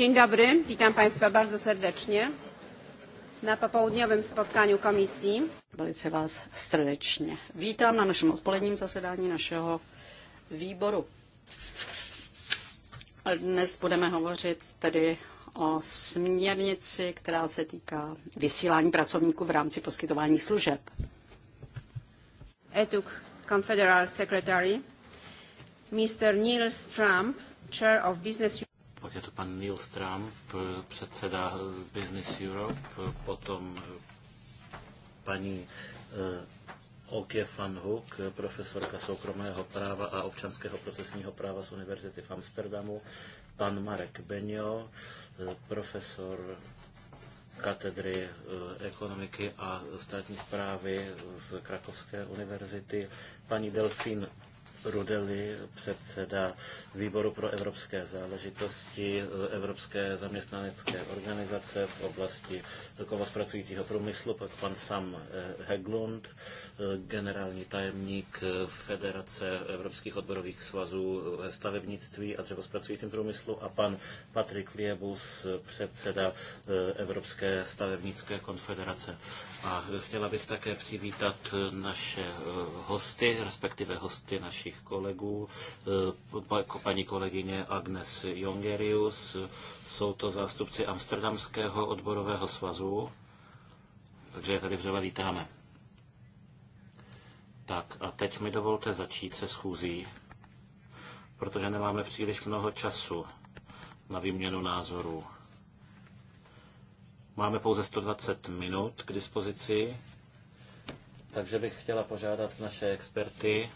Dzień dobry, witam Państwa bardzo serdecznie na popołudniowym spotkaniu komisji. Velice vás srdečně vítám na našem odpoledním zasedání našeho výboru. Dnes budeme hovořit tedy o směrnici, která se týká vysílání pracovníků v rámci poskytování služeb. Etuk Confederal Secretary, Mr. Neil Trump, Chair of Business pak je to pan Neil Trump, předseda Business Europe, potom paní eh, Oke van Hoek, profesorka soukromého práva a občanského procesního práva z Univerzity v Amsterdamu, pan Marek Benio, eh, profesor katedry eh, ekonomiky a státní zprávy z Krakovské univerzity, paní Delfín Rudely, předseda výboru pro evropské záležitosti Evropské zaměstnanecké organizace v oblasti kovospracujícího průmyslu, pak pan Sam eh, Heglund, eh, generální tajemník Federace evropských odborových svazů ve stavebnictví a dřevospracujícím průmyslu a pan Patrik Liebus, předseda eh, Evropské stavebnické konfederace. A chtěla bych také přivítat eh, naše eh, hosty, respektive hosty našich kolegů, eh, paní kolegyně Agnes Jongerius, jsou to zástupci Amsterdamského odborového svazu, takže je tady vřele vítáme. Tak a teď mi dovolte začít se schůzí, protože nemáme příliš mnoho času na výměnu názorů. Máme pouze 120 minut k dispozici, takže bych chtěla požádat naše experty,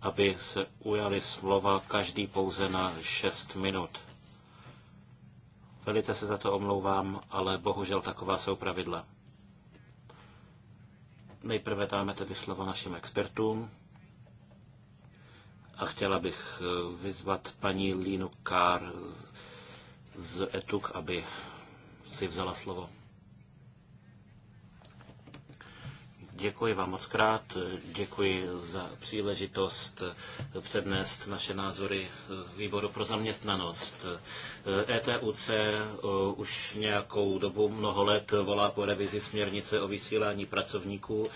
aby se ujali slova každý pouze na 6 minut. Velice se za to omlouvám, ale bohužel taková jsou pravidla. Nejprve dáme tedy slovo našim expertům a chtěla bych eh, vyzvat paní Línu Kár z ETUK, aby si vzala slovo. Děkuji vám moc krát, děkuji za příležitost přednést naše názory výboru pro zaměstnanost. ETUC eh, už nějakou dobu, mnoho let volá po revizi směrnice o vysílání pracovníků. Eh,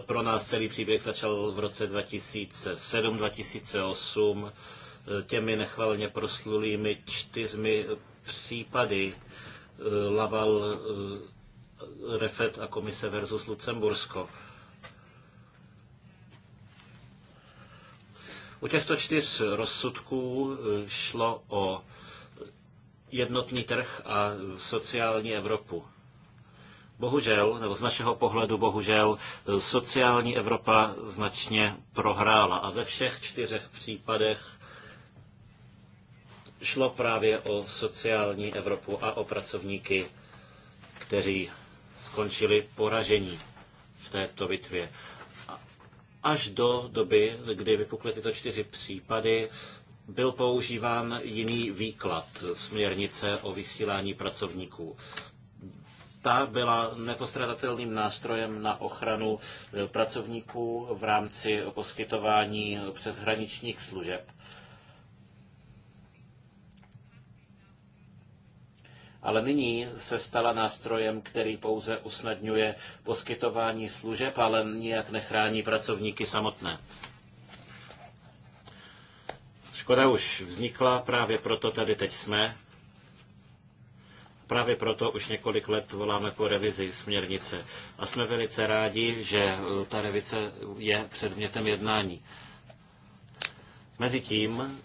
pro nás celý příběh začal v roce 2007-2008 eh, těmi nechvalně proslulými čtyřmi případy Eh, Laval, eh, Refet a komise versus Lucembursko. U těchto čtyř rozsudků eh, šlo o jednotný trh a sociální Evropu. Bohužel, nebo z našeho pohledu bohužel, sociální Evropa značně prohrála a ve všech čtyřech případech šlo právě o sociální Evropu a o pracovníky, kteří skončili poražení v této bitvě. Až do doby, kdy vypukly tyto čtyři případy, byl používán jiný výklad směrnice o vysílání pracovníků. Ta byla nepostradatelným nástrojem na ochranu eh, pracovníků v rámci poskytování eh, přeshraničních služeb ale nyní se stala nástrojem, který pouze usnadňuje poskytování služeb, ale nijak nechrání pracovníky samotné. Škoda už vznikla, právě proto tady teď jsme. Právě proto už několik let voláme po revizi směrnice a jsme velice rádi, že eh, ta revize je předmětem jednání. Mezitím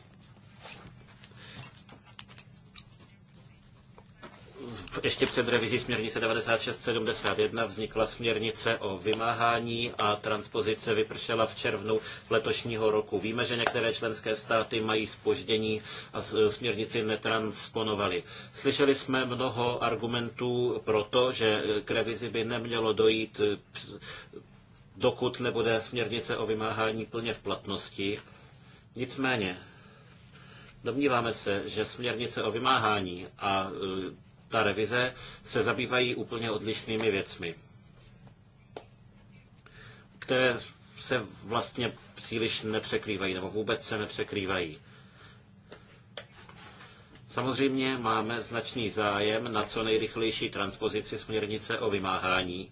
ještě před revizí směrnice 9671 vznikla směrnice o vymáhání a transpozice vypršela v červnu letošního roku. Víme, že některé členské státy mají spoždění a směrnici netransponovali. Slyšeli jsme mnoho argumentů pro to, že k revizi by nemělo dojít, dokud nebude směrnice o vymáhání plně v platnosti. Nicméně, Domníváme se, že směrnice o vymáhání a e, ta revize, se zabývají úplně odlišnými věcmi, které se vlastně příliš nepřekrývají nebo vůbec se nepřekrývají. Samozřejmě máme značný zájem na co nejrychlejší transpozici směrnice o vymáhání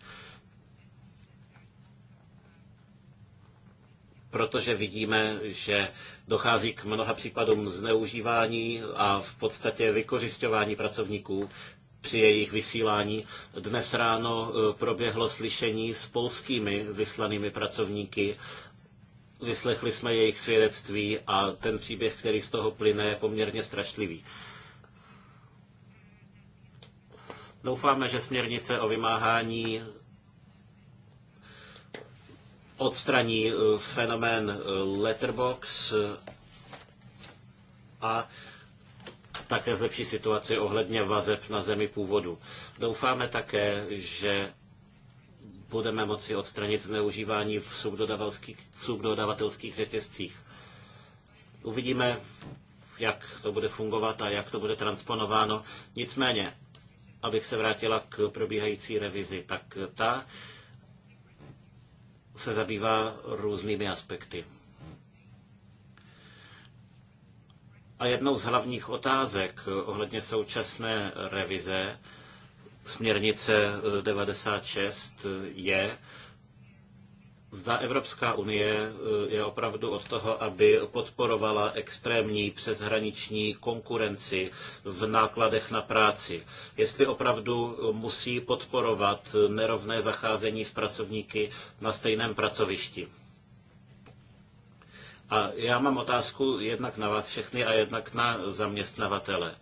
protože vidíme, že dochází k mnoha případům zneužívání a v podstatě vykořišťování pracovníků při jejich vysílání. Dnes ráno e, proběhlo slyšení s polskými vyslanými pracovníky. Vyslechli jsme jejich svědectví a ten příběh, který z toho plyne, je poměrně strašlivý. Doufáme, že směrnice o vymáhání odstraní eh, fenomén eh, letterbox eh, a také zlepší situaci ohledně vazeb na zemi původu. Doufáme také, že budeme moci odstranit zneužívání v subdodavatelských řetězcích. Uvidíme, jak to bude fungovat a jak to bude transponováno. Nicméně, abych se vrátila k probíhající revizi, tak ta se zabývá různými aspekty. A jednou z hlavních otázek ohledně současné revize směrnice 96 eh, je, Zda Evropská unie eh, je opravdu od toho, aby podporovala extrémní přeshraniční konkurenci v nákladech na práci. Jestli opravdu eh, musí podporovat eh, nerovné zacházení s pracovníky na stejném pracovišti. A já mám otázku jednak na vás všechny a jednak na zaměstnavatele.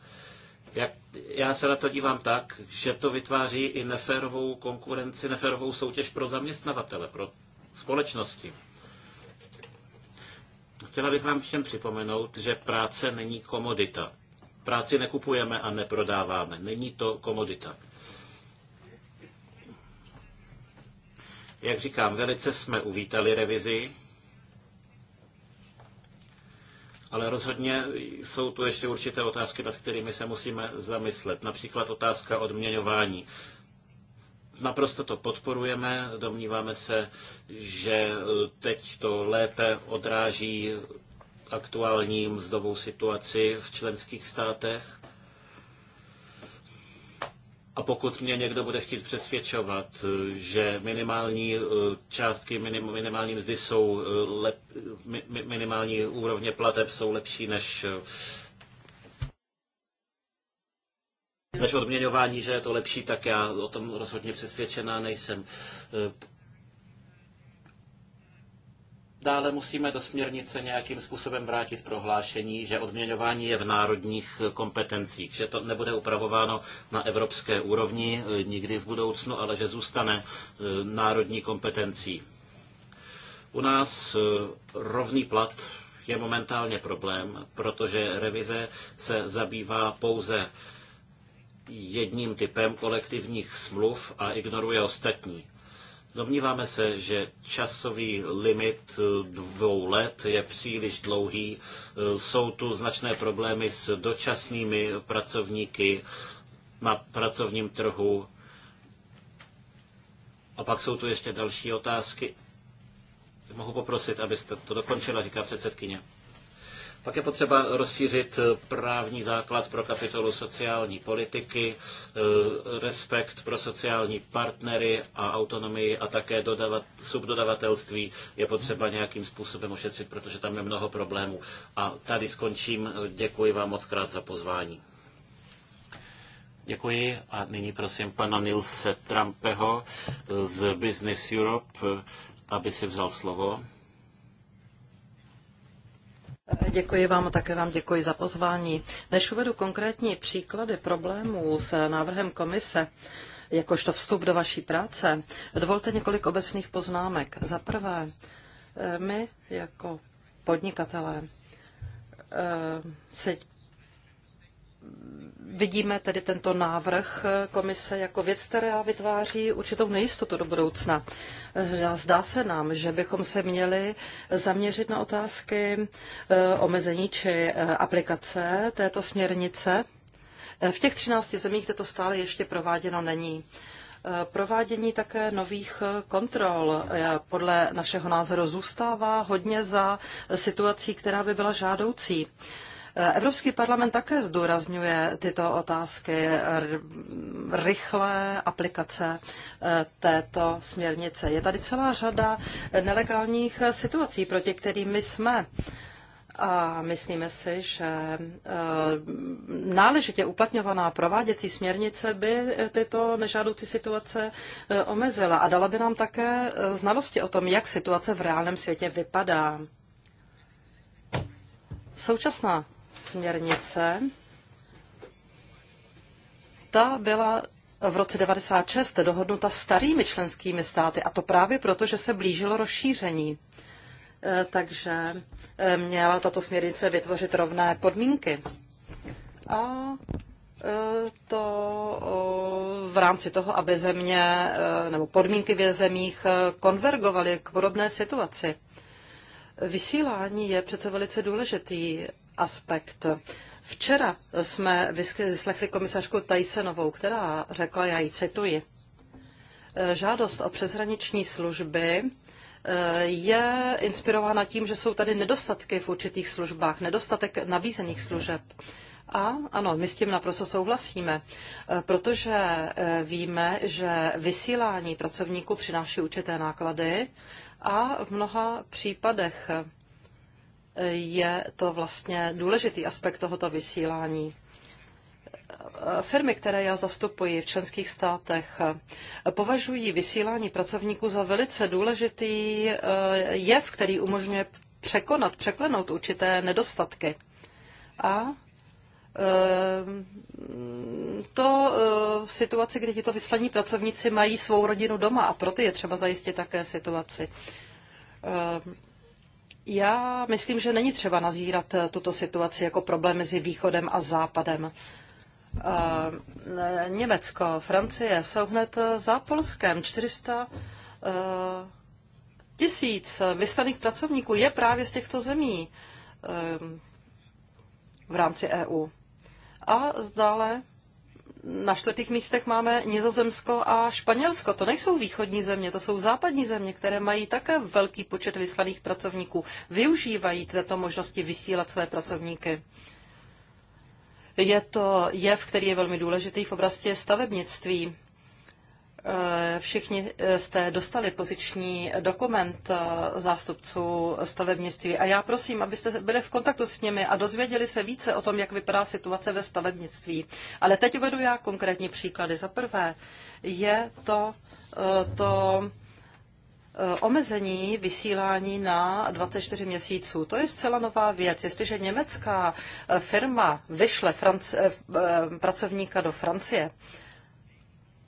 Jak, já se na to dívám tak, že to vytváří i neférovou konkurenci, neférovou soutěž pro zaměstnavatele, pro společnosti. Chtěla bych vám všem připomenout, že práce není komodita. Práci nekupujeme a neprodáváme. Není to komodita. Jak říkám, velice jsme uvítali revizi, ale rozhodně jsou tu ještě určité otázky, nad kterými se musíme zamyslet. Například otázka odměňování. Naprosto to podporujeme, domníváme se, že e, teď to lépe odráží aktuální mzdovou situaci v členských státech. A pokud mě někdo bude chtít přesvědčovat, e, že minimální e, částky, minim, minimální mzdy jsou, lep, minimální úrovně plateb jsou lepší než než odměňování, že je to lepší, tak já o tom rozhodně přesvědčená nejsem. Eh, dále musíme do směrnice nějakým způsobem vrátit prohlášení, že odměňování je v národních kompetencích, že to nebude upravováno na evropské úrovni eh, nikdy v budoucnu, ale že zůstane eh, národní kompetencí. U nás rovný plat je momentálně problém, protože revize se zabývá pouze jedním typem kolektivních smluv a ignoruje ostatní. Domníváme se, že časový limit dvou let je příliš dlouhý. Jsou tu značné problémy s dočasnými pracovníky na pracovním trhu. A pak jsou tu ještě další otázky. Mohu poprosit, abyste to dokončila, říká předsedkyně. Pak je potřeba rozšířit eh, právní základ pro kapitolu sociální politiky, eh, respekt pro sociální partnery a autonomii a také dodavat, subdodavatelství je potřeba nějakým způsobem ošetřit, protože tam je mnoho problémů. A tady skončím. Děkuji vám moc krát za pozvání. Děkuji a nyní prosím pana Nilse Trampeho eh, z Business Europe, aby si vzal slovo. Děkuji vám a také vám děkuji za pozvání. Než uvedu konkrétní příklady problémů s návrhem komise, jakožto vstup do vaší práce, dovolte několik obecných poznámek. Za prvé, eh, my jako podnikatelé eh, se vidíme tedy tento návrh komise jako věc, která vytváří určitou nejistotu do budoucna. Zdá se nám, že bychom se měli zaměřit na otázky e, omezení či e, aplikace této směrnice. E, v těch 13 zemích, kde to stále ještě prováděno není provádění také nových kontrol podle našeho názoru zůstává hodně za situací, která by byla žádoucí. Evropský parlament také zdůrazňuje tyto otázky rychlé aplikace eh, této směrnice. Je tady celá řada nelegálních situací, proti kterým my jsme a myslíme si, že eh, náležitě uplatňovaná prováděcí směrnice by tyto nežádoucí situace eh, omezila a dala by nám také znalosti o tom, jak situace v reálném světě vypadá. Současná směrnice, ta byla v roce 96 dohodnuta starými členskými státy, a to právě proto, že se blížilo rozšíření. E, takže e, měla tato směrnice vytvořit rovné podmínky. A e, to v rámci toho, aby země nebo podmínky v zemích konvergovaly k podobné situaci. Vysílání je přece velice důležitý aspekt. Včera jsme vyslechli komisařku Tajsenovou, která řekla, já ji cituji, eh, žádost o přeshraniční služby eh, je inspirována tím, že jsou tady nedostatky v určitých službách, nedostatek nabízených služeb. A ano, my s tím naprosto souhlasíme, eh, protože víme, že vysílání pracovníků přináší určité náklady a v mnoha případech je to vlastně důležitý aspekt tohoto vysílání. Firmy, které já zastupuji v členských státech, považují vysílání pracovníků za velice důležitý eh, jev, který umožňuje překonat, překlenout určité nedostatky. A eh, to v eh, situaci, kdy tito vyslaní pracovníci mají svou rodinu doma a proto je třeba zajistit také situaci. Já myslím, že není třeba nazírat eh, tuto situaci jako problém mezi východem a západem. Eh, Německo, Francie jsou hned eh, za Polskem. 400 tisíc vyslaných pracovníků je právě z těchto zemí v rámci EU. A zdále na čtvrtých místech máme Nizozemsko a Španělsko. To nejsou východní země, to jsou západní země, které mají také velký počet vyslaných pracovníků. Využívají této možnosti vysílat své pracovníky. Je to jev, který je velmi důležitý v oblasti stavebnictví. Eh, všichni eh, jste dostali poziční eh, dokument zástupců stavebnictví a já prosím, abyste byli v kontaktu s nimi a dozvěděli se více o tom, jak vypadá situace ve stavebnictví. Ale teď uvedu já konkrétní příklady. Za prvé je to, to omezení vysílání na 24 měsíců. To je zcela nová věc. Jestliže německá firma vyšle Franc- pracovníka do Francie,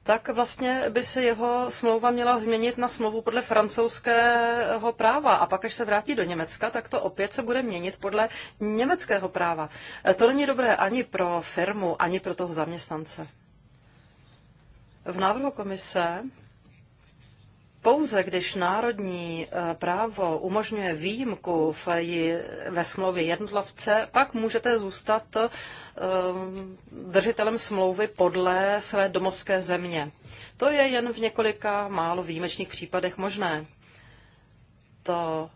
tak vlastně by se jeho smlouva měla změnit na smlouvu podle francouzského práva. A pak, až se vrátí do Německa, tak to opět se bude měnit podle německého práva. E, to není dobré ani pro firmu, ani pro toho zaměstnance. V návrhu komise pouze když národní eh, právo umožňuje výjimku v, ve smlouvě jednotlovce, pak můžete zůstat eh, držitelem smlouvy podle své domovské země. To je jen v několika málo výjimečných případech možné. To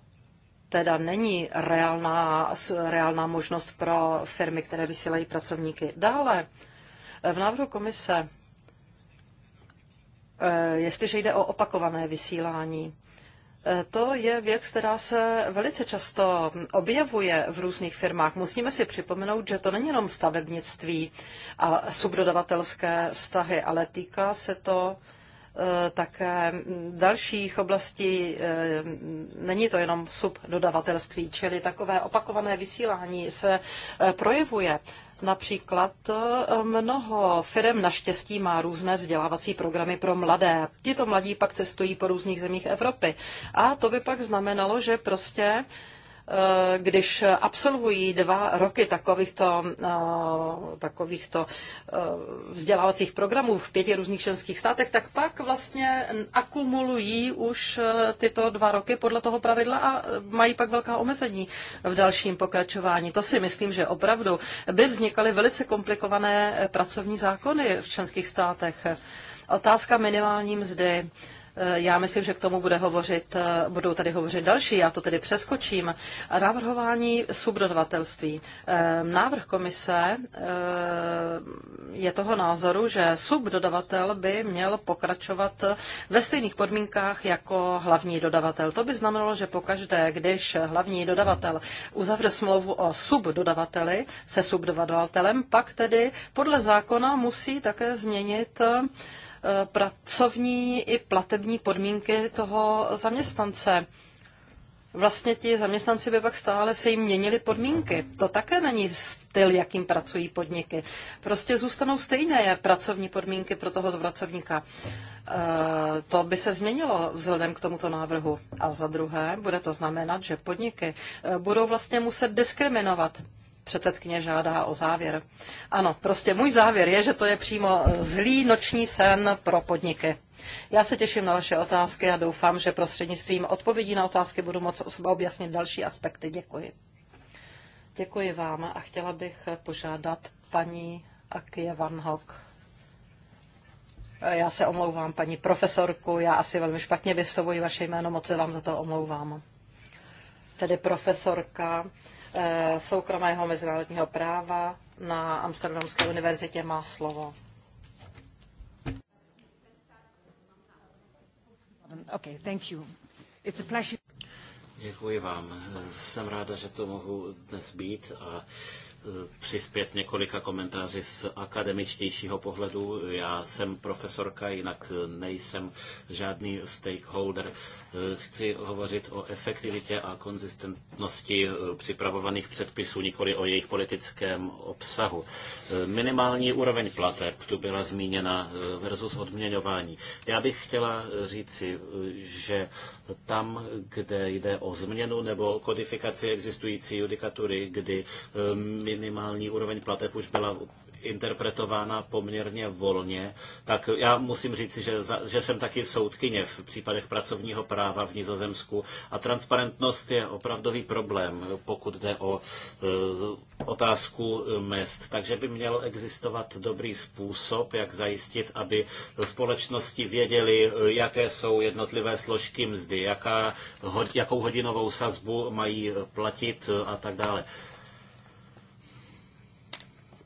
teda není reálná, reálná možnost pro firmy, které vysílají pracovníky. Dále v návrhu komise Eh, jestliže jde o opakované vysílání. Eh, to je věc, která se velice často objevuje v různých firmách. Musíme si připomenout, že to není jenom stavebnictví a subdodavatelské vztahy, ale týká se to eh, také dalších oblastí. Není to jenom subdodavatelství, čili takové opakované vysílání se projevuje Například eh, mnoho firm naštěstí má různé vzdělávací programy pro mladé. Tito mladí pak cestují po různých zemích Evropy. A to by pak znamenalo, že prostě Eh, když absolvují dva roky takovýchto, eh, takovýchto eh, vzdělávacích programů v pěti různých členských státech, tak pak vlastně akumulují už tyto dva roky podle toho pravidla a mají pak velká omezení v dalším pokračování. To si myslím, že opravdu by vznikaly velice komplikované pracovní zákony v členských státech. Otázka minimální mzdy. Eh, já myslím, že k tomu bude hovořit, eh, budou tady hovořit další, já to tedy přeskočím. Návrhování subdodavatelství. Eh, návrh komise je toho názoru, že subdodavatel by měl pokračovat ve stejných podmínkách jako hlavní dodavatel. To by znamenalo, že pokaždé, když hlavní dodavatel uzavře smlouvu o subdodavateli se subdodavatelem, pak tedy podle zákona musí také změnit pracovní i platební podmínky toho zaměstnance. Vlastně ti zaměstnanci by pak stále se jim měnili podmínky. To také není styl, jakým pracují podniky. Prostě zůstanou stejné pracovní podmínky pro toho pracovníka. Eh, to by se změnilo vzhledem k tomuto návrhu. A za druhé, bude to znamenat, že podniky eh, budou vlastně muset diskriminovat Předsedkyně žádá o závěr. Ano, prostě můj závěr je, že to je přímo zlý noční sen pro podniky. Já se těším na vaše otázky a doufám, že prostřednictvím odpovědí na otázky budu moc objasnit další aspekty. Děkuji. Děkuji vám a chtěla bych požádat paní Akie Van Hock. Já se omlouvám, paní profesorku, já asi velmi špatně vyslovuji vaše jméno, moc se vám za to omlouvám. Tedy profesorka Eh, soukromého mezinárodního práva na Amsterdamské univerzitě má slovo. Okay, thank you. It's a pleasure. Děkuji vám. Jsem ráda, že to mohu dnes být a Eh, přispět několika komentáři z akademičtějšího pohledu. Já jsem profesorka, jinak eh, nejsem žádný stakeholder. Eh, chci hovořit o efektivitě a konzistentnosti připravovaných předpisů, nikoli o jejich politickém obsahu. Minimální úroveň plateb tu byla zmíněna versus odměňování. Já bych chtěla říci, že tam, kde jde o změnu nebo kodifikaci existující judikatury, kdy minimální úroveň plateb už byla interpretována poměrně volně, tak já musím říci, že, za, že jsem taky soudkyně v případech pracovního práva v Nizozemsku a transparentnost je opravdový problém, pokud jde o e, otázku eh, mest. Takže by měl existovat dobrý způsob, jak zajistit, aby společnosti věděly, eh, jaké jsou jednotlivé složky mzdy, jaká, jakou hodinovou sazbu mají platit a tak dále.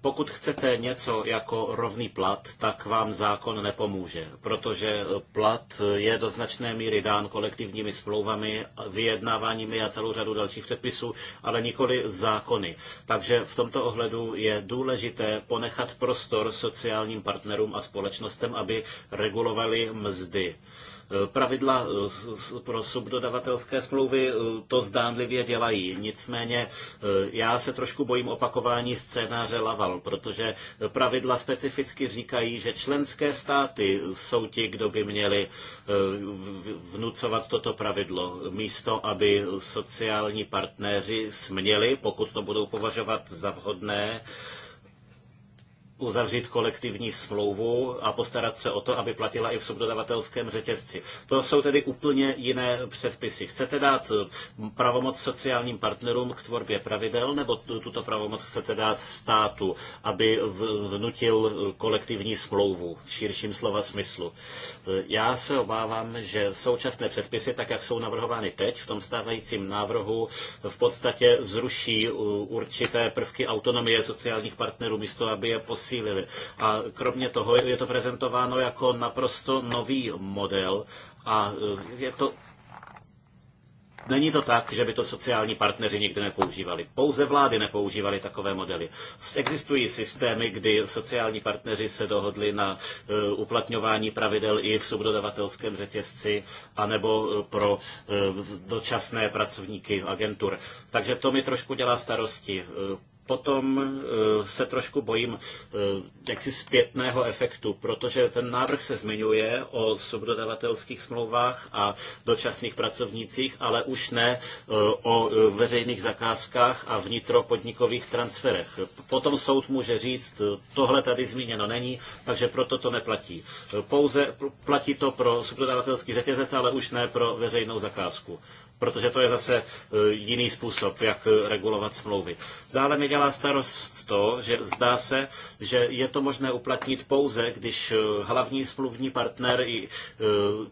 Pokud chcete něco jako rovný plat, tak vám zákon nepomůže, protože plat je do značné míry dán kolektivními smlouvami, vyjednáváními a celou řadu dalších předpisů, ale nikoli zákony. Takže v tomto ohledu je důležité ponechat prostor sociálním partnerům a společnostem, aby regulovali mzdy. Eh, pravidla eh, pro subdodavatelské smlouvy eh, to zdánlivě dělají. Nicméně já se trošku bojím opakování scénáře Laval, protože pravidla specificky říkají, že členské státy jsou ti, kdo by měli vnucovat toto pravidlo, místo aby sociální partneři směli, pokud to budou považovat za vhodné, uzavřít kolektivní smlouvu a postarat se o to, aby platila i v subdodavatelském řetězci. To jsou tedy úplně jiné předpisy. Chcete dát mm, pravomoc sociálním partnerům k tvorbě pravidel, nebo tuto pravomoc chcete dát státu, aby vnutil kolektivní smlouvu v širším slova smyslu? Já se obávám, že současné předpisy, tak jak jsou navrhovány teď v tom stávajícím návrhu, v podstatě zruší uh, určité prvky autonomie sociálních partnerů, místo aby je pos posílili. A kromě toho je to prezentováno jako naprosto nový model a eh, je to Není to tak, že by to sociální partneři nikdy nepoužívali. Pouze vlády nepoužívaly takové modely. Existují systémy, kdy sociální partneři se dohodli na eh, uplatňování pravidel i v subdodavatelském řetězci, anebo eh, pro dočasné pracovníky agentur. Takže to mi trošku dělá starosti potom e, se trošku bojím e, jaksi zpětného efektu, protože ten návrh se zmiňuje o subdodavatelských smlouvách a dočasných pracovnících, ale už ne e, o veřejných zakázkách a vnitropodnikových transferech. Potom soud může říct, tohle tady zmíněno není, takže proto to neplatí. Pouze platí to pro subdodavatelský řetězec, ale už ne pro veřejnou zakázku protože to je zase e, jiný způsob, jak e, regulovat smlouvy. Dále mi dělá starost to, že zdá se, že je to možné uplatnit pouze, když e, hlavní smluvní partner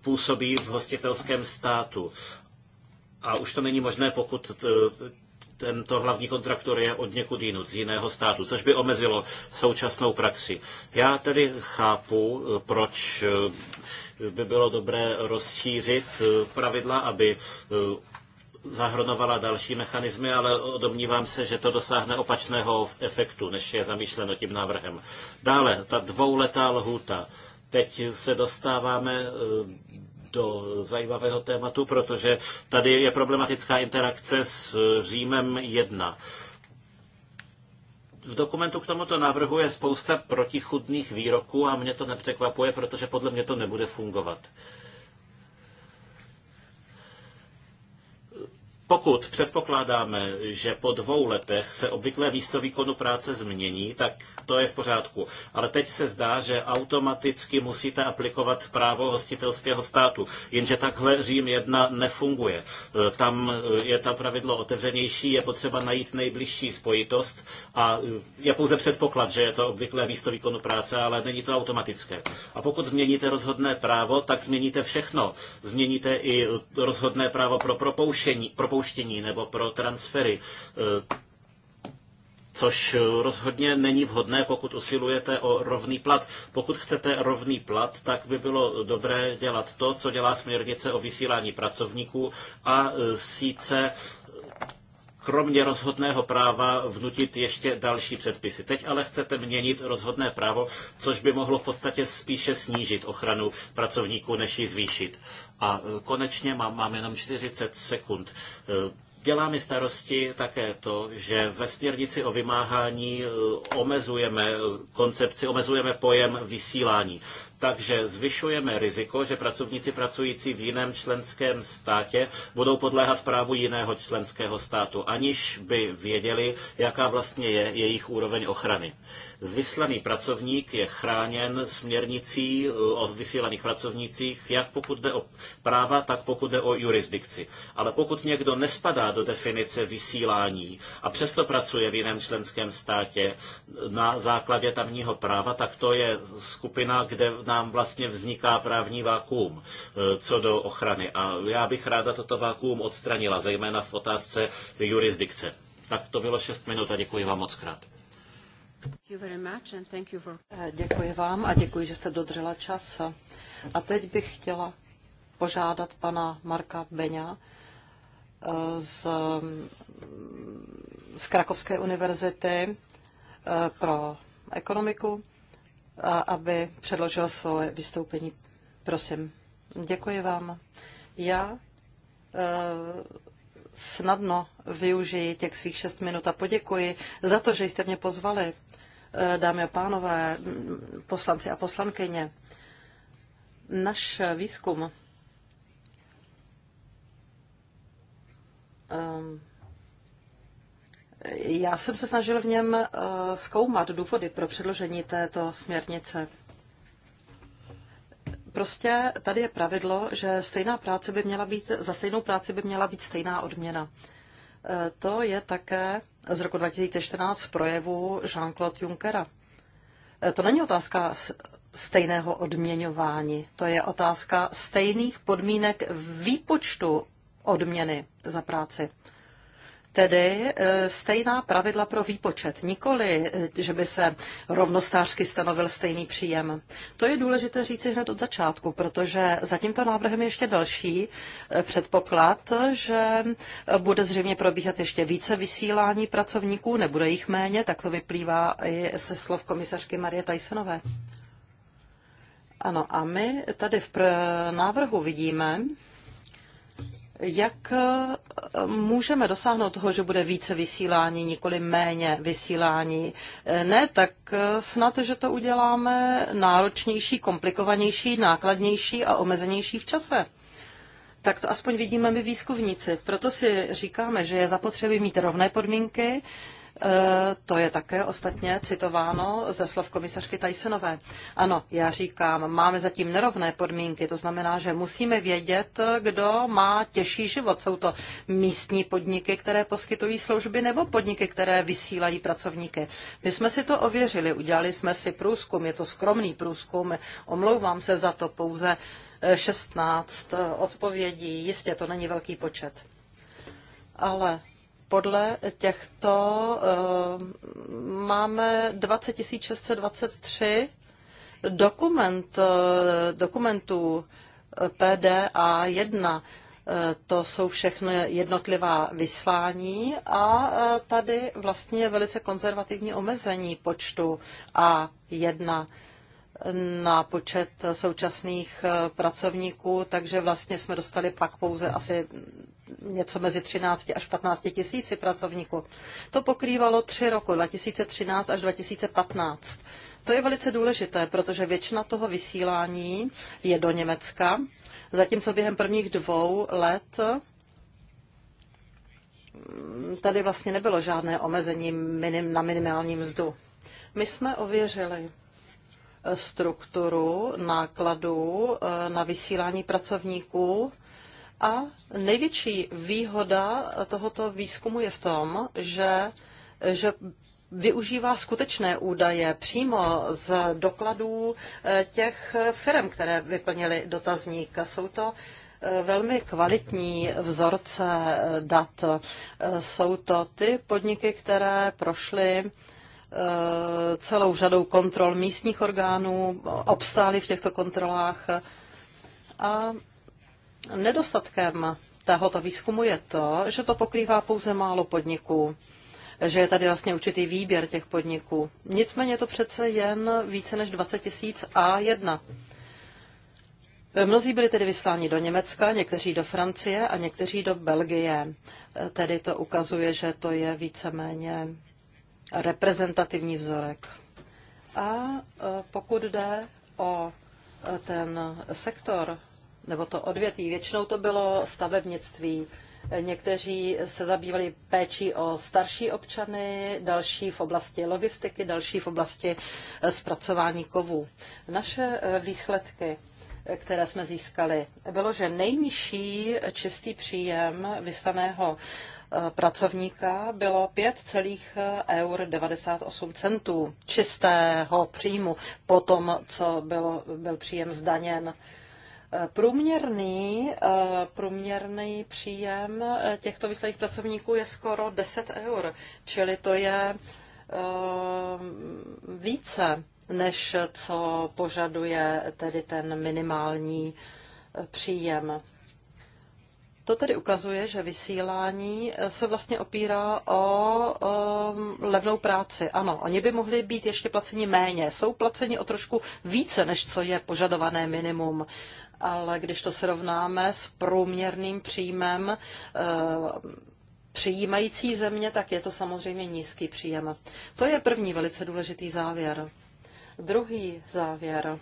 působí v hostitelském státu. A už to není možné, pokud tento hlavní kontraktor je od někud jinut, z jiného státu, což by omezilo současnou praxi. Já tedy chápu, proč by bylo dobré rozšířit eh, pravidla, aby eh, zahrnovala další mechanismy, ale domnívám se, že to dosáhne opačného efektu, než je zamýšleno tím návrhem. Dále, ta dvouletá lhůta. Teď se dostáváme eh, do zajímavého tématu, protože tady je problematická interakce s Římem 1 v dokumentu k tomuto návrhu je spousta protichudných výroků a mě to nepřekvapuje, protože podle mě to nebude fungovat. Pokud předpokládáme, že po dvou letech se obvykle místo výkonu práce změní, tak to je v pořádku. Ale teď se zdá, že automaticky musíte aplikovat právo hostitelského státu. Jenže takhle Řím jedna nefunguje. E, tam e, je ta pravidlo otevřenější, je potřeba najít nejbližší spojitost a e, je pouze předpoklad, že je to obvykle místo výkonu práce, ale není to automatické. A pokud změníte rozhodné právo, tak změníte všechno. Změníte i rozhodné právo pro propouštění, pro propouštění nebo pro transfery eh, což rozhodně není vhodné, pokud usilujete o rovný plat. Pokud chcete rovný plat, tak by bylo dobré dělat to, co dělá směrnice o vysílání pracovníků a eh, sice kromě rozhodného práva vnutit ještě další předpisy. Teď ale chcete měnit rozhodné právo, což by mohlo v podstatě spíše snížit ochranu pracovníků, než ji zvýšit. A e, konečně mám, mám jenom 40 sekund. E, dělá mi starosti také to, že ve směrnici o vymáhání e, omezujeme koncepci, omezujeme pojem vysílání takže zvyšujeme riziko, že pracovníci pracující v jiném členském státě budou podléhat právu jiného členského státu, aniž by věděli, jaká vlastně je jejich úroveň ochrany. Vyslaný pracovník je chráněn směrnicí eh, o vysílaných pracovnících, jak pokud jde o práva, tak pokud jde o jurisdikci. Ale pokud někdo nespadá do definice vysílání a přesto pracuje v jiném členském státě eh, na základě tamního práva, tak to je skupina, kde nám vlastně vzniká právní vákuum eh, co do ochrany. A já bych ráda toto vákuum odstranila, zejména v otázce jurisdikce. Tak to bylo 6 minut a děkuji vám moc krát. Děkuji vám a děkuji, že jste dodržela čas. A teď bych chtěla požádat pana Marka Beňa eh, z, mm, z Krakovské univerzity eh, pro ekonomiku, aby předložil svoje vystoupení. Prosím. Děkuji vám. Já eh, snadno využiji těch svých šest minut a poděkuji za to, že jste mě pozvali. Eh, dámy a pánové, poslanci a poslankyně. Náš výzkum eh, já jsem se snažil v něm eh, zkoumat důvody pro předložení této směrnice. Prostě tady je pravidlo, že stejná práce by měla být, za stejnou práci by měla být stejná odměna to je také z roku 2014 z projevu Jean-Claude Junckera. To není otázka stejného odměňování, to je otázka stejných podmínek výpočtu odměny za práci. Tedy eh, stejná pravidla pro výpočet, nikoli, eh, že by se rovnostářsky stanovil stejný příjem. To je důležité říci hned od začátku, protože za tímto návrhem je ještě další eh, předpoklad, že bude zřejmě probíhat ještě více vysílání pracovníků, nebude jich méně, tak to vyplývá i se slov komisařky Marie Tysonové. Ano, a my tady v návrhu vidíme, jak eh, můžeme dosáhnout toho, že bude více vysílání, nikoli méně vysílání? Eh, ne, tak eh, snad, že to uděláme náročnější, komplikovanější, nákladnější a omezenější v čase. Tak to aspoň vidíme my výzkumníci. Proto si říkáme, že je zapotřebí mít rovné podmínky, E, to je také ostatně citováno ze slov komisařky Tysonové. Ano, já říkám, máme zatím nerovné podmínky, to znamená, že musíme vědět, kdo má těžší život. Jsou to místní podniky, které poskytují služby, nebo podniky, které vysílají pracovníky. My jsme si to ověřili, udělali jsme si průzkum, je to skromný průzkum, omlouvám se za to pouze 16 e, e, odpovědí, jistě to není velký počet. Ale podle těchto eh, máme 20 623 dokument, eh, dokumentů eh, PDA 1. To jsou všechny jednotlivá vyslání a tady vlastně je velice konzervativní omezení počtu A1 na počet současných pracovníků, takže vlastně jsme dostali pak pouze asi něco mezi 13 až 15 tisíci pracovníků. To pokrývalo tři roku, 2013 až 2015. To je velice důležité, protože většina toho vysílání je do Německa, zatímco během prvních dvou let mm, tady vlastně nebylo žádné omezení minim, na minimální mzdu. My jsme ověřili eh, strukturu nákladů eh, na vysílání pracovníků a největší výhoda tohoto výzkumu je v tom, že, že využívá skutečné údaje přímo z dokladů eh, těch firm, které vyplnili dotazník. Jsou to eh, velmi kvalitní vzorce eh, dat. Jsou to ty podniky, které prošly celou řadou kontrol místních orgánů, obstály v těchto kontrolách a Nedostatkem tohoto výzkumu je to, že to pokrývá pouze málo podniků že je tady vlastně určitý výběr těch podniků. Nicméně to přece jen více než 20 tisíc A1. Mnozí byli tedy vysláni do Německa, někteří do Francie a někteří do Belgie. Tedy to ukazuje, že to je víceméně reprezentativní vzorek. A e, pokud jde o ten sektor nebo to odvětví. Většinou to bylo stavebnictví. Někteří se zabývali péčí o starší občany, další v oblasti logistiky, další v oblasti eh, zpracování kovů. Naše eh, výsledky eh, které jsme získali, bylo, že nejnižší čistý příjem vystaného pracovníka bylo 5,98 centů čistého příjmu po tom, co bylo, byl příjem zdaněn. Průměrný, eh, průměrný příjem eh, těchto vyslaných pracovníků je skoro 10 eur, čili to je eh, více, než co požaduje tedy ten minimální příjem. To tedy ukazuje, že vysílání se vlastně opírá o, o levnou práci. Ano, oni by mohli být ještě placeni méně. Jsou placeni o trošku více, než co je požadované minimum ale když to srovnáme s průměrným příjmem eh, přijímající země, tak je to samozřejmě nízký příjem. To je první velice důležitý závěr. Druhý závěr.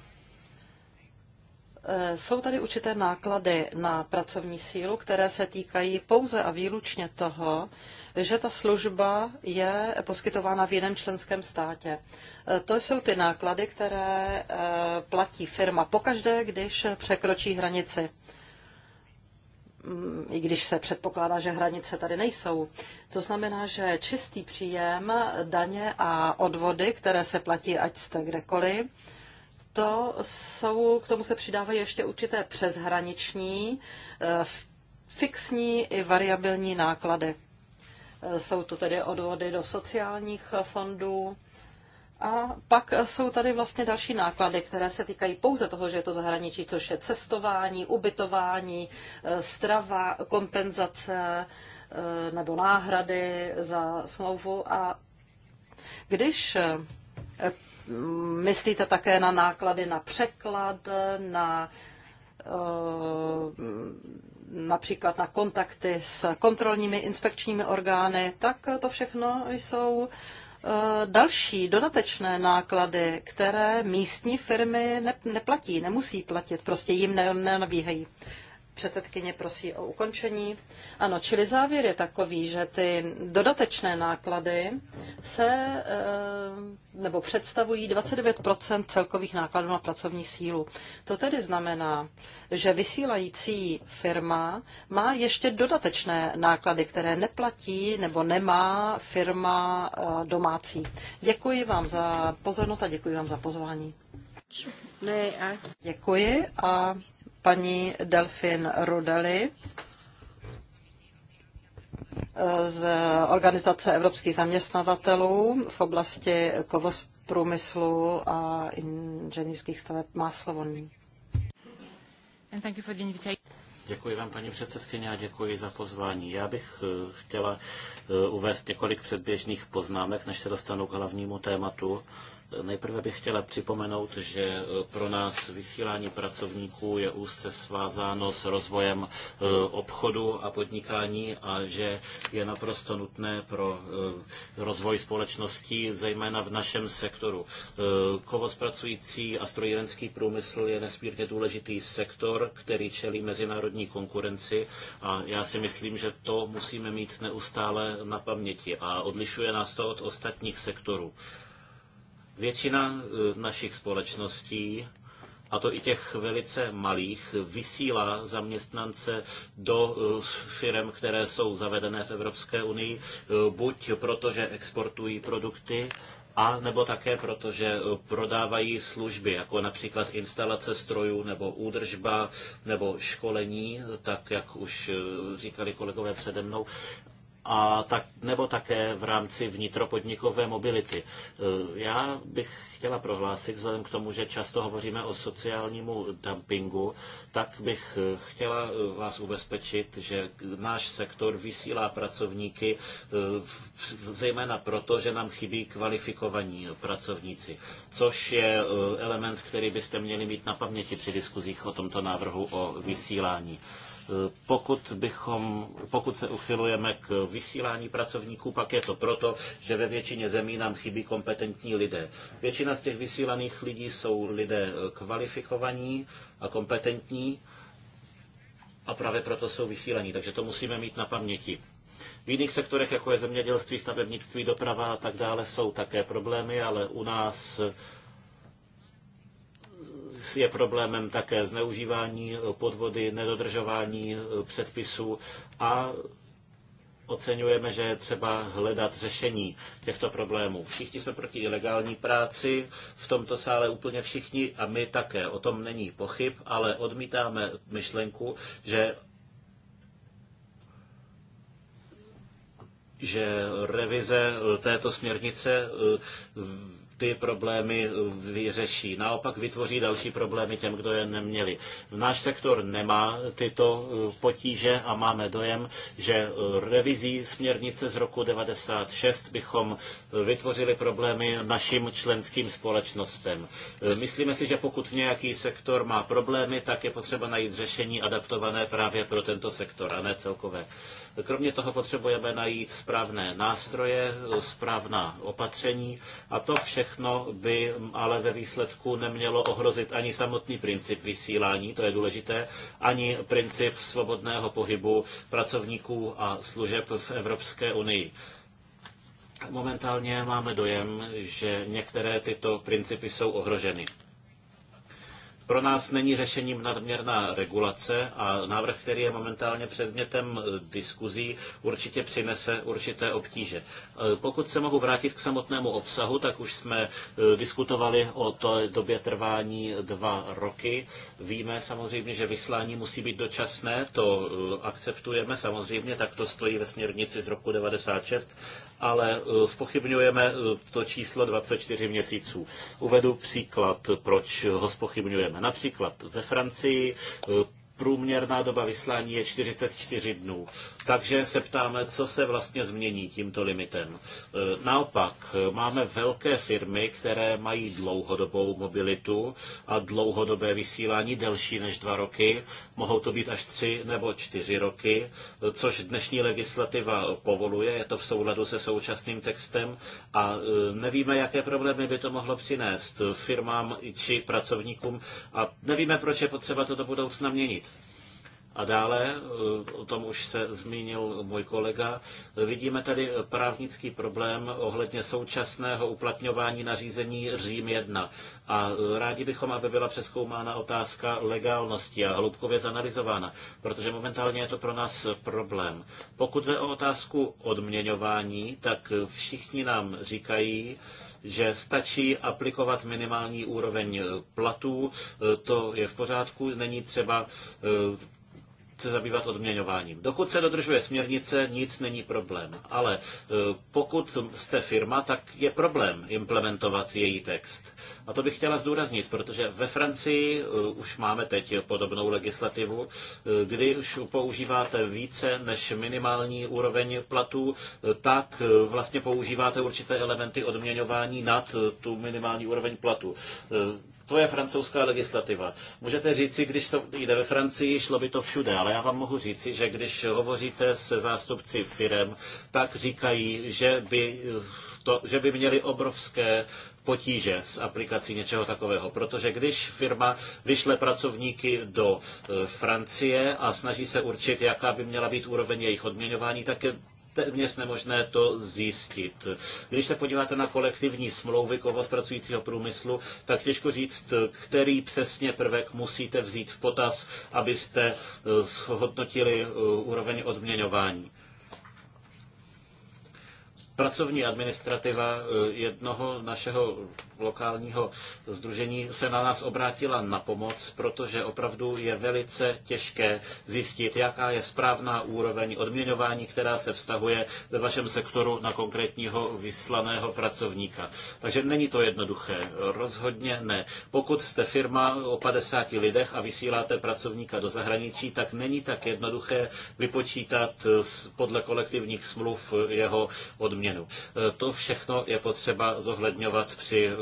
Eh, jsou tady určité náklady na pracovní sílu, které se týkají pouze a výlučně toho, že ta služba je poskytována v jiném členském státě. E, to jsou ty náklady, které e, platí firma pokaždé, když překročí hranici mm, i když se předpokládá, že hranice tady nejsou. To znamená, že čistý příjem, daně a odvody, které se platí, ať jste kdekoliv, to jsou, k tomu se přidávají ještě určité přeshraniční, e, fixní i variabilní náklady. Jsou to tedy odvody do sociálních fondů. A pak jsou tady vlastně další náklady, které se týkají pouze toho, že je to zahraničí, což je cestování, ubytování, eh, strava, kompenzace eh, nebo náhrady za smlouvu. A když eh, myslíte také na náklady na překlad, na například na kontakty s kontrolními inspekčními orgány, tak to všechno jsou eh, další dodatečné náklady, které místní firmy neplatí, nemusí platit, prostě jim nenavíhají. Předsedkyně prosí o ukončení. Ano, čili závěr je takový, že ty dodatečné náklady se eh, nebo představují 29 celkových nákladů na pracovní sílu. To tedy znamená, že vysílající firma má ještě dodatečné náklady, které neplatí nebo nemá firma eh, domácí. Děkuji vám za pozornost a děkuji vám za pozvání. Děkuji a paní Delfin Rudely eh, z Organizace evropských zaměstnavatelů v oblasti kovos průmyslu a inženýrských staveb má slovo. Děkuji vám, paní předsedkyně, a děkuji za pozvání. Já bych eh, chtěla eh, uvést několik předběžných poznámek, než se dostanu k hlavnímu tématu Nejprve bych chtěla připomenout, že e, pro nás vysílání pracovníků je úzce svázáno s rozvojem e, obchodu a podnikání a že je naprosto nutné pro e, rozvoj společností, zejména v našem sektoru. Kovozpracující a strojírenský průmysl je nesmírně důležitý sektor, který čelí mezinárodní konkurenci a já si myslím, že to musíme mít neustále na paměti a odlišuje nás to od ostatních sektorů. Většina e, našich společností a to i těch velice malých, vysílá zaměstnance do e, firm, které jsou zavedené v Evropské unii, e, buď protože exportují produkty, a nebo také proto, že prodávají služby, jako například instalace strojů nebo údržba nebo školení, tak jak už říkali kolegové přede mnou a tak, nebo také v rámci vnitropodnikové mobility. E, já bych chtěla prohlásit, vzhledem k tomu, že často hovoříme o sociálnímu dumpingu, tak bych e, chtěla e, vás ubezpečit, že náš sektor vysílá pracovníky zejména proto, že nám chybí kvalifikovaní pracovníci, což je element, který byste měli mít na paměti při diskuzích o tomto návrhu o vysílání. Pokud, bychom, pokud se uchylujeme k vysílání pracovníků, pak je to proto, že ve většině zemí nám chybí kompetentní lidé. Většina z těch vysílaných lidí jsou lidé kvalifikovaní a kompetentní a právě proto jsou vysílaní, takže to musíme mít na paměti. V jiných sektorech, jako je zemědělství, stavebnictví, doprava a tak dále, jsou také problémy, ale u nás je problémem také zneužívání, eh, podvody, nedodržování eh, předpisů a oceňujeme, že je třeba hledat řešení těchto problémů. Všichni jsme proti ilegální práci, v tomto sále úplně všichni a my také. O tom není pochyb, ale odmítáme myšlenku, že že revize eh, této směrnice ty problémy eh, vyřeší. Naopak vytvoří další problémy těm, kdo je neměli. Náš sektor nemá tyto eh, potíže a máme dojem, že eh, revizí směrnice z roku 96 bychom vytvořili problémy našim členským společnostem. Myslíme si, že pokud nějaký sektor má problémy, tak je potřeba najít řešení adaptované právě pro tento sektor a ne celkové Kromě toho potřebujeme najít správné nástroje, správná opatření a to všechno by ale ve výsledku nemělo ohrozit ani samotný princip vysílání, to je důležité, ani princip svobodného pohybu pracovníků a služeb v Evropské unii. Momentálně máme dojem, že některé tyto principy jsou ohroženy. Pro nás není řešením nadměrná regulace a návrh, který je momentálně předmětem eh, diskuzí, určitě přinese určité obtíže. Eh, pokud se mohu vrátit k samotnému obsahu, tak už jsme eh, diskutovali o to době trvání dva roky. Víme samozřejmě, že vyslání musí být dočasné, to akceptujeme samozřejmě, tak to stojí ve směrnici z roku 96, ale spochybňujeme to číslo 24 měsíců. Uvedu příklad, proč ho spochybňujeme. Například ve Francii průměrná doba vyslání je 44 dnů. Takže se ptáme, co se vlastně změní tímto limitem. E, naopak, máme velké firmy, které mají dlouhodobou mobilitu a dlouhodobé vysílání delší než dva roky. Mohou to být až tři nebo čtyři roky, e, což dnešní legislativa povoluje. Je to v souladu se současným textem a e, nevíme, jaké problémy by to mohlo přinést firmám či pracovníkům a nevíme, proč je potřeba to do budoucna měnit. A dále, eh, o tom už se zmínil můj kolega, vidíme tady právnický problém ohledně současného uplatňování nařízení Řím 1. A eh, rádi bychom, aby byla přeskoumána otázka legálnosti a hloubkově zanalizována, protože momentálně je to pro nás problém. Pokud jde o otázku odměňování, tak eh, všichni nám říkají, že stačí aplikovat minimální úroveň platů, to je v pořádku, není třeba se zabývat odměňováním. Dokud se dodržuje směrnice, nic není problém. Ale e, pokud jste firma, tak je problém implementovat její text. A to bych chtěla zdůraznit, protože ve Francii e, už máme teď podobnou legislativu, e, kdy už používáte více než minimální úroveň platů, tak vlastně používáte určité elementy odměňování nad tu minimální úroveň platu. To je francouzská legislativa. Můžete říci, když to jde ve Francii, šlo by to všude, ale já vám mohu říci, že když hovoříte se zástupci firem, tak říkají, že by, to, že by měli obrovské potíže s aplikací něčeho takového, protože když firma vyšle pracovníky do e, Francie a snaží se určit, jaká by měla být úroveň jejich odměňování, tak je téměř nemožné to zjistit. Když se podíváte na kolektivní smlouvy kovoz zpracujícího průmyslu, tak těžko říct, který přesně prvek musíte vzít v potaz, abyste eh, zhodnotili eh, úroveň odměňování. Pracovní administrativa eh, jednoho našeho lokálního združení se na nás obrátila na pomoc, protože opravdu je velice těžké zjistit, jaká je správná úroveň odměňování, která se vztahuje ve vašem sektoru na konkrétního vyslaného pracovníka. Takže není to jednoduché. Rozhodně ne. Pokud jste firma o 50 lidech a vysíláte pracovníka do zahraničí, tak není tak jednoduché vypočítat eh, podle kolektivních smluv eh, jeho odměňování změnu. E, to všechno je potřeba zohledňovat při e,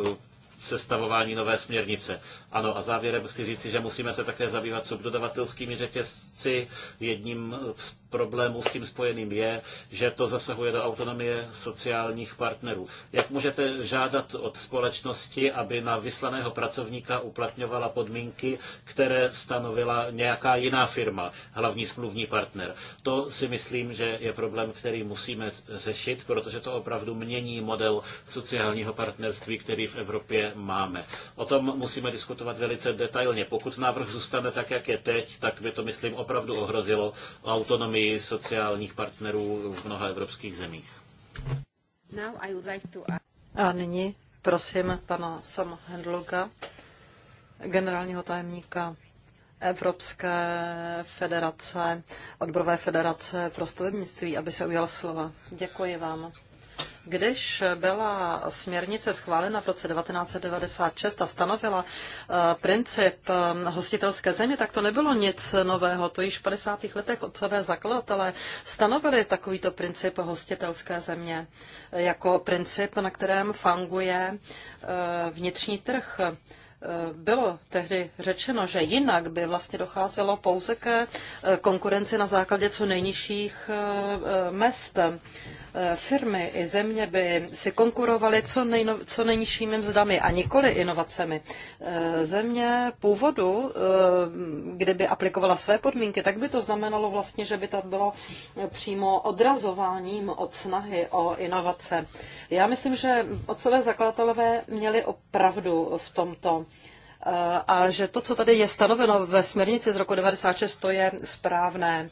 sestavování nové směrnice. Ano a závěrem chci říci, že musíme se také zabývat subdodavatelskými řetězci. Jedním z problémů s tím spojeným je, že to zasahuje do autonomie sociálních partnerů. Jak můžete žádat od společnosti, aby na vyslaného pracovníka uplatňovala podmínky, které stanovila nějaká jiná firma, hlavní smluvní partner? To si myslím, že je problém, který musíme řešit, protože to opravdu mění model sociálního partnerství, který v Evropě máme. O tom musíme diskutovat diskutovat velice detailně. Pokud návrh zůstane tak, jak je teď, tak by to, myslím, opravdu ohrozilo autonomii sociálních partnerů v mnoha evropských zemích. Like to... A nyní prosím pana Sama Hendloga, generálního tajemníka Evropské federace, odborové federace pro stavebnictví, aby se ujal slova. Děkuji vám. Když byla směrnice schválena v roce 1996 a stanovila eh, princip eh, hostitelské země, tak to nebylo nic nového. To již v 50. letech otcové zakladatelé stanovili takovýto princip hostitelské země jako princip, na kterém funguje eh, vnitřní trh bylo tehdy řečeno, že jinak by vlastně docházelo pouze ke konkurenci na základě co nejnižších mest. Eh, firmy i země by si konkurovaly co, nejno, co nejnižšími mzdami a nikoli inovacemi. Eh, země původu, eh, kdyby aplikovala své podmínky, tak by to znamenalo vlastně, že by to bylo přímo odrazováním od snahy o inovace. Já myslím, že otcové zakladatelé měli opravdu v tomto a že to, co tady je stanoveno ve směrnici z roku 96, to je správné.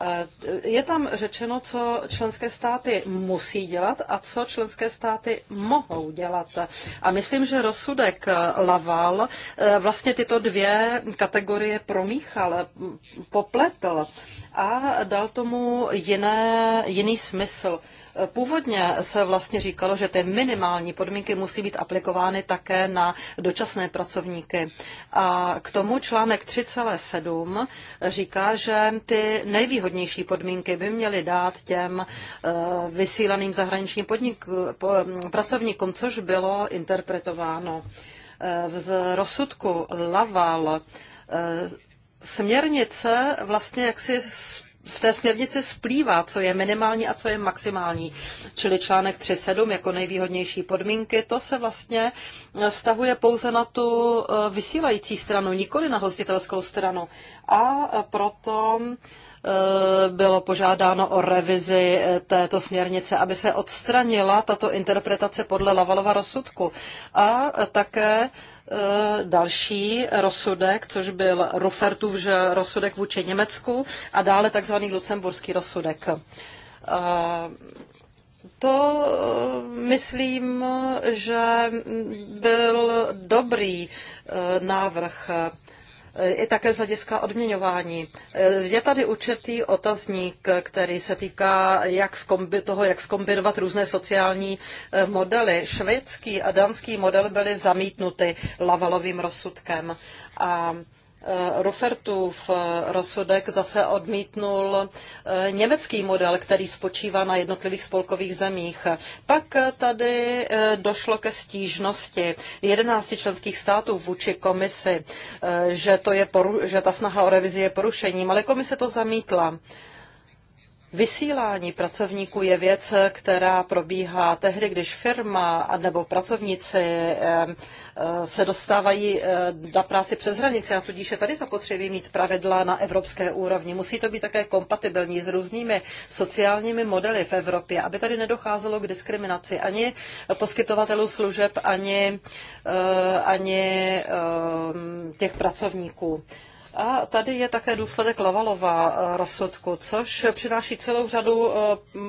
Eh, je tam řečeno, co členské státy musí dělat a co členské státy mohou dělat. A myslím, že rozsudek eh, Laval eh, vlastně tyto dvě kategorie promíchal, popletl a dal tomu jiné, jiný smysl. Původně se vlastně říkalo, že ty minimální podmínky musí být aplikovány také na dočasné pracovníky. A k tomu článek 3,7 říká, že ty nejvýhodnější podmínky by měly dát těm eh, vysílaným zahraničním podnik, pracovníkům, což bylo interpretováno v eh, rozsudku Laval eh, směrnice vlastně jaksi z té směrnice splývá, co je minimální a co je maximální. Čili článek 3.7 jako nejvýhodnější podmínky, to se vlastně eh, vztahuje pouze na tu eh, vysílající stranu, nikoli na hostitelskou stranu. A eh, proto bylo požádáno o revizi této směrnice, aby se odstranila tato interpretace podle Lavalova rozsudku. A také Eh, další rozsudek, což byl Rufertův rozsudek vůči Německu a dále takzvaný lucemburský rozsudek. Eh, to eh, myslím, že byl dobrý návrh i také z hlediska odměňování. Eh, je tady určitý otazník, který se týká jak zkombi, toho, jak skombinovat různé sociální eh, modely. Švédský a dánský model byly zamítnuty lavalovým rozsudkem. A Eh, Rofertův eh, rozsudek zase odmítnul eh, německý model, který spočívá na jednotlivých spolkových zemích. Pak tady došlo ke stížnosti 11 členských států vůči komisi, že, to je poru- že ta snaha o revizi je porušením, ale komise to zamítla. Vysílání pracovníků je věc, která probíhá tehdy, když firma nebo pracovníci eh, se dostávají eh, na práci přes hranice a tudíž je tady zapotřebí mít pravidla na evropské úrovni. Musí to být také kompatibilní s různými sociálními modely v Evropě, aby tady nedocházelo k diskriminaci ani poskytovatelů služeb, ani, eh, ani těch pracovníků. A tady je také důsledek Lavalova eh, rozsudku, což přináší celou řadu eh,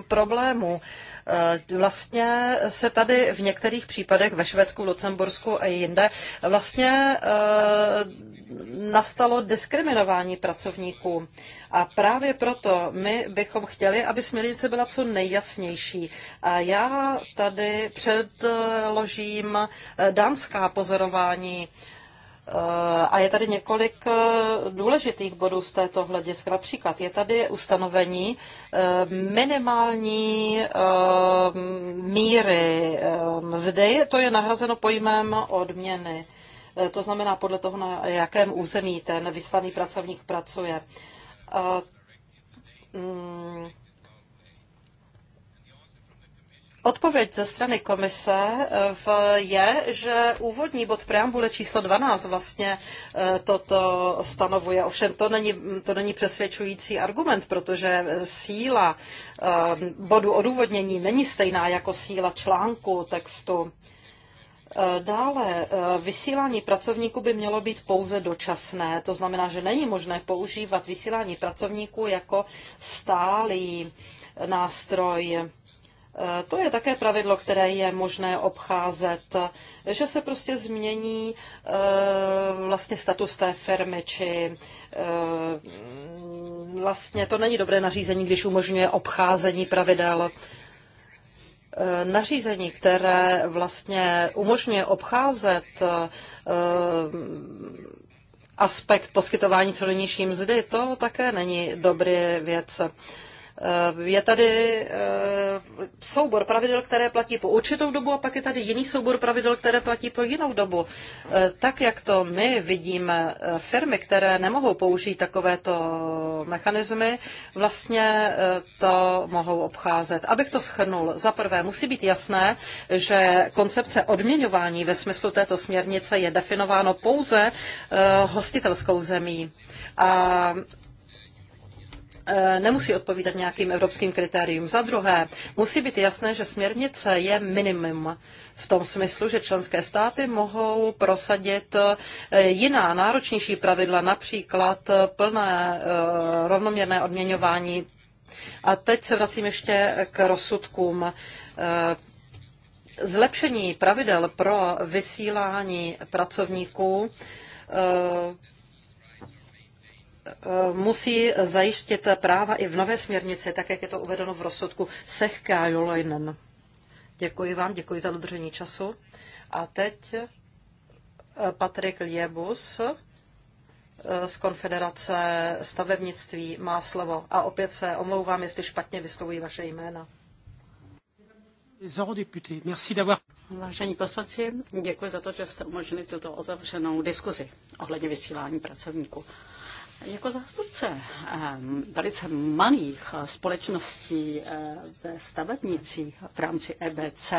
problémů. Eh, vlastně se tady v některých případech ve Švédsku, Lucembursku a jinde vlastně nastalo diskriminování pracovníků. A právě proto my bychom chtěli, aby směrnice byla co nejjasnější. A já tady předložím dánská pozorování Eh, a je tady několik eh, důležitých bodů z této hlediska. Například je tady ustanovení eh, minimální míry mzdy, to je nahrazeno pojmem odměny. To znamená podle toho, na jakém území ten vyslaný pracovník pracuje. Mm, Odpověď ze strany komise eh, je, že úvodní bod preambule číslo 12 vlastně eh, toto stanovuje. Ovšem to není, to není přesvědčující argument, protože síla eh, bodu odůvodnění není stejná jako síla článku textu. Dále vysílání pracovníků by mělo být pouze dočasné, to znamená, že není možné používat vysílání pracovníků jako stálý nástroj Eh, to je také pravidlo, které je možné obcházet, že se prostě změní eh, vlastně status té firmy, či eh, vlastně to není dobré nařízení, když umožňuje obcházení pravidel. Nařízení, které vlastně umožňuje obcházet aspekt poskytování co mzdy, to také není dobrý věc. Eh, je tady eh, soubor pravidel, které platí po určitou dobu a pak je tady jiný soubor pravidel, které platí po jinou dobu. Eh, tak, jak to my vidíme, firmy, které nemohou použít takovéto mechanismy, vlastně to mohou obcházet. Abych to schrnul, za prvé musí být jasné, že koncepce odměňování ve smyslu této směrnice je definováno pouze hostitelskou zemí. A E, nemusí odpovídat nějakým evropským kritériím. Za druhé, musí být jasné, že směrnice je minimum v tom smyslu, že členské státy mohou prosadit e, jiná náročnější pravidla, například e, plné rovnoměrné odměňování. A teď se vracím ještě k rozsudkům. Zlepšení pravidel pro vysílání pracovníků Eh, musí zajistit práva i v nové směrnici, tak jak je to uvedeno v rozsudku Sehká Jolajnen. Děkuji vám, děkuji za dodržení času. A teď eh, Patrik Liebus eh, z Konfederace stavebnictví má slovo. A opět se omlouvám, jestli špatně vyslovují vaše jména. Vážení poslanci, děkuji za to, že jste umožnili tuto ozavřenou diskuzi ohledně vysílání pracovníků. Jako zástupce eh, velice malých eh, společností eh, ve stavebnicích v rámci EBC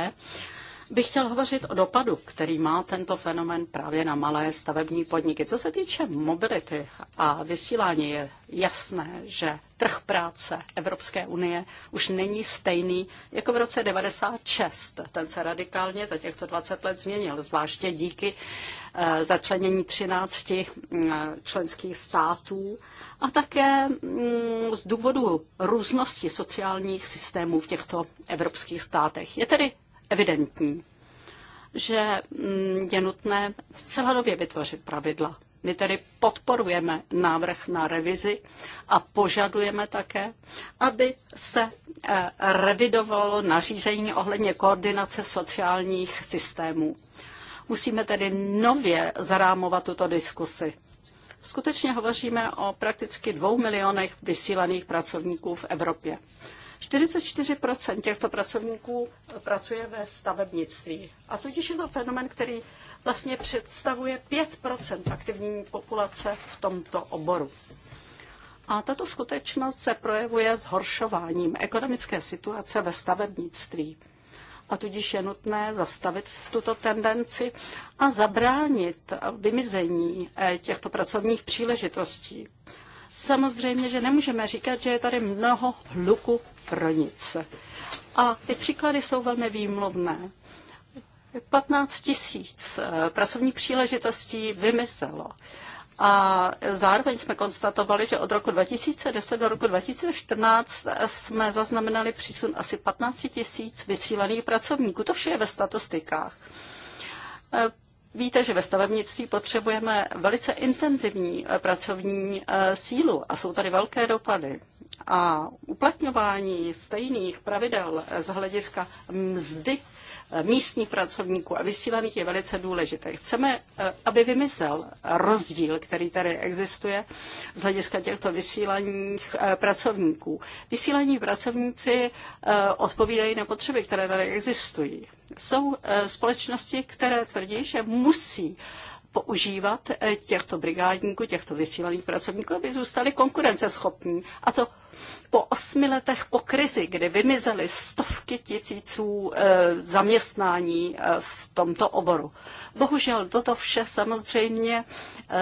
bych chtěl hovořit o dopadu, který má tento fenomen právě na malé stavební podniky. Co se týče mobility a vysílání, je jasné, že trh práce Evropské unie už není stejný jako v roce 96. Ten se radikálně za těchto 20 let změnil, zvláště díky eh, začlenění 13 eh, členských států a také mm, z důvodu různosti sociálních systémů v těchto evropských státech. Je tedy evidentní, že mm, je nutné zcela nově vytvořit pravidla. My tedy podporujeme návrh na revizi a požadujeme také, aby se eh, revidovalo nařízení ohledně koordinace sociálních systémů. Musíme tedy nově zarámovat tuto diskusi. Skutečně hovoříme o prakticky dvou milionech vysílaných pracovníků v Evropě. 44% těchto pracovníků pracuje ve stavebnictví. A tudíž je to fenomen, který vlastně představuje 5% aktivní populace v tomto oboru. A tato skutečnost se projevuje zhoršováním ekonomické situace ve stavebnictví. A tudíž je nutné zastavit tuto tendenci a zabránit vymizení eh, těchto pracovních příležitostí. Samozřejmě, že nemůžeme říkat, že je tady mnoho hluku pro nic. A ty příklady jsou velmi výmluvné. 15 tisíc eh, pracovních příležitostí vymyslelo, A zároveň jsme konstatovali, že od roku 2010 do roku 2014 eh, jsme zaznamenali přísun asi 15 tisíc vysílaných pracovníků. To vše je ve statistikách. Eh, Víte, že ve stavebnictví potřebujeme velice intenzivní eh, pracovní eh, sílu a jsou tady velké dopady. A uplatňování stejných pravidel eh, z hlediska mzdy Eh, místních pracovníků a vysílaných je velice důležité. Chceme, eh, aby vymyslel rozdíl, který tady existuje z hlediska těchto vysílaných eh, pracovníků. Vysílaní pracovníci odpovídají na potřeby, které tady existují. Jsou společnosti, které tvrdí, že musí používat těchto brigádníků, těchto vysílaných pracovníků, aby zůstali konkurenceschopní. A to po osmi letech po krizi, kdy vymizely stovky tisíců eh, zaměstnání eh, v tomto oboru. Bohužel toto vše samozřejmě eh,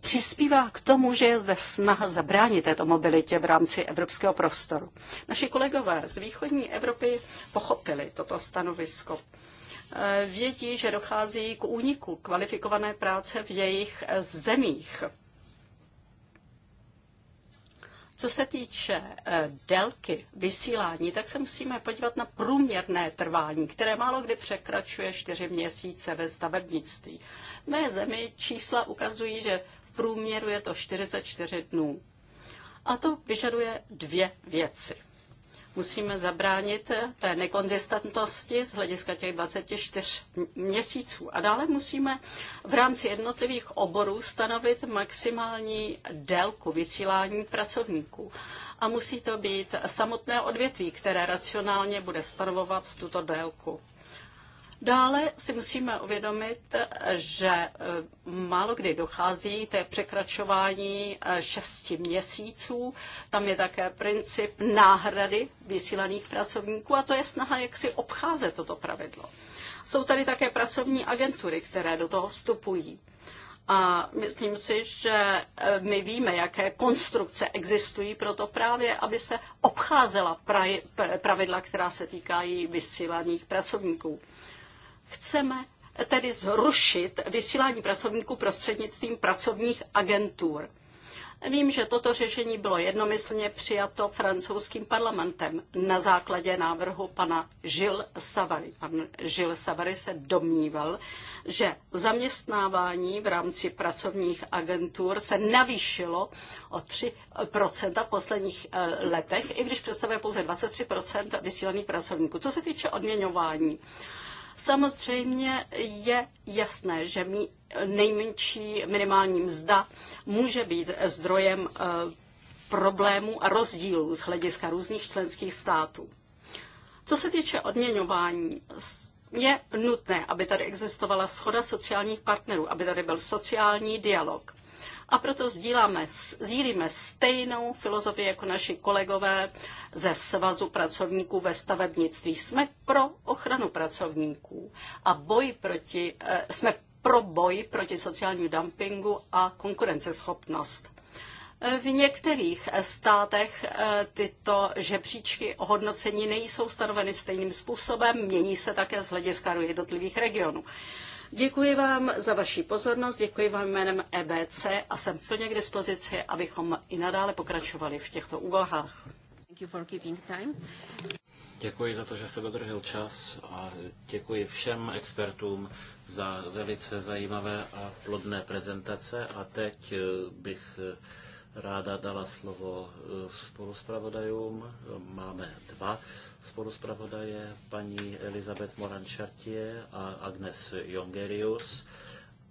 přispívá k tomu, že je zde snaha zabránit této mobilitě v rámci evropského prostoru. Naši kolegové z východní Evropy pochopili toto stanovisko vědí, že dochází k úniku kvalifikované práce v jejich zemích. Co se týče eh, délky vysílání, tak se musíme podívat na průměrné trvání, které málo kdy překračuje 4 měsíce ve stavebnictví. V mé zemi čísla ukazují, že v průměru je to 44 dnů. A to vyžaduje dvě věci musíme zabránit té nekonzistentnosti z hlediska těch 24 měsíců. A dále musíme v rámci jednotlivých oborů stanovit maximální délku vysílání pracovníků. A musí to být samotné odvětví, které racionálně bude stanovovat tuto délku. Dále si musíme uvědomit, že e, málo kdy dochází té překračování e, šesti měsíců. Tam je také princip náhrady vysílaných pracovníků a to je snaha, jak si obcházet toto pravidlo. Jsou tady také pracovní agentury, které do toho vstupují. A myslím si, že e, my víme, jaké konstrukce existují pro to právě, aby se obcházela pravidla, která se týkají vysílaných pracovníků. Chceme tedy zrušit vysílání pracovníků prostřednictvím pracovních agentur. Vím, že toto řešení bylo jednomyslně přijato francouzským parlamentem na základě návrhu pana Žil Savary. Pan Žil Savary se domníval, že zaměstnávání v rámci pracovních agentur se navýšilo o 3 v posledních eh, letech, i když představuje pouze 23 vysílaných pracovníků. Co se týče odměňování, Samozřejmě je jasné, že nejmenší minimální mzda může být zdrojem eh, problémů a rozdílů z hlediska různých členských států. Co se týče odměňování, je nutné, aby tady existovala schoda sociálních partnerů, aby tady byl sociální dialog a proto sdíláme, sdílíme stejnou filozofii jako naši kolegové ze Svazu pracovníků ve stavebnictví. Jsme pro ochranu pracovníků a boj proti, eh, jsme pro boj proti sociálnímu dumpingu a konkurenceschopnost. Eh, v některých státech eh, tyto žebříčky ohodnocení nejsou stanoveny stejným způsobem, mění se také z hlediska jednotlivých regionů. Děkuji vám za vaši pozornost, děkuji vám jménem EBC a jsem plně k dispozici, abychom i nadále pokračovali v těchto úvahách. Děkuji za to, že jste dodržel čas a děkuji všem expertům za velice zajímavé a plodné prezentace. A teď eh, bych eh, ráda dala slovo eh, spoluspravodajům. Máme dva. Spoluzpravodaje paní Elizabeth Moran Chartier a Agnes Jongerius.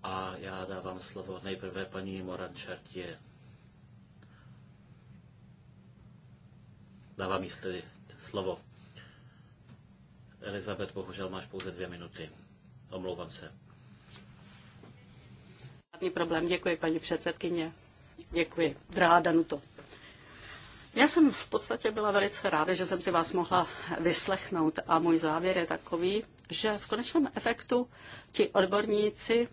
A já dávám slovo nejprve paní Moran Chartier. Dávám jí slovo. Elizabeth, bohužel máš pouze dvě minuty. Omlouvám se. Žádný problém, děkuji paní předsedkyně. Děkuji. Drahá Danuto. Já jsem v podstatě byla velice ráda, že jsem si vás mohla vyslechnout a můj závěr je takový, že v konečném efektu ti odborníci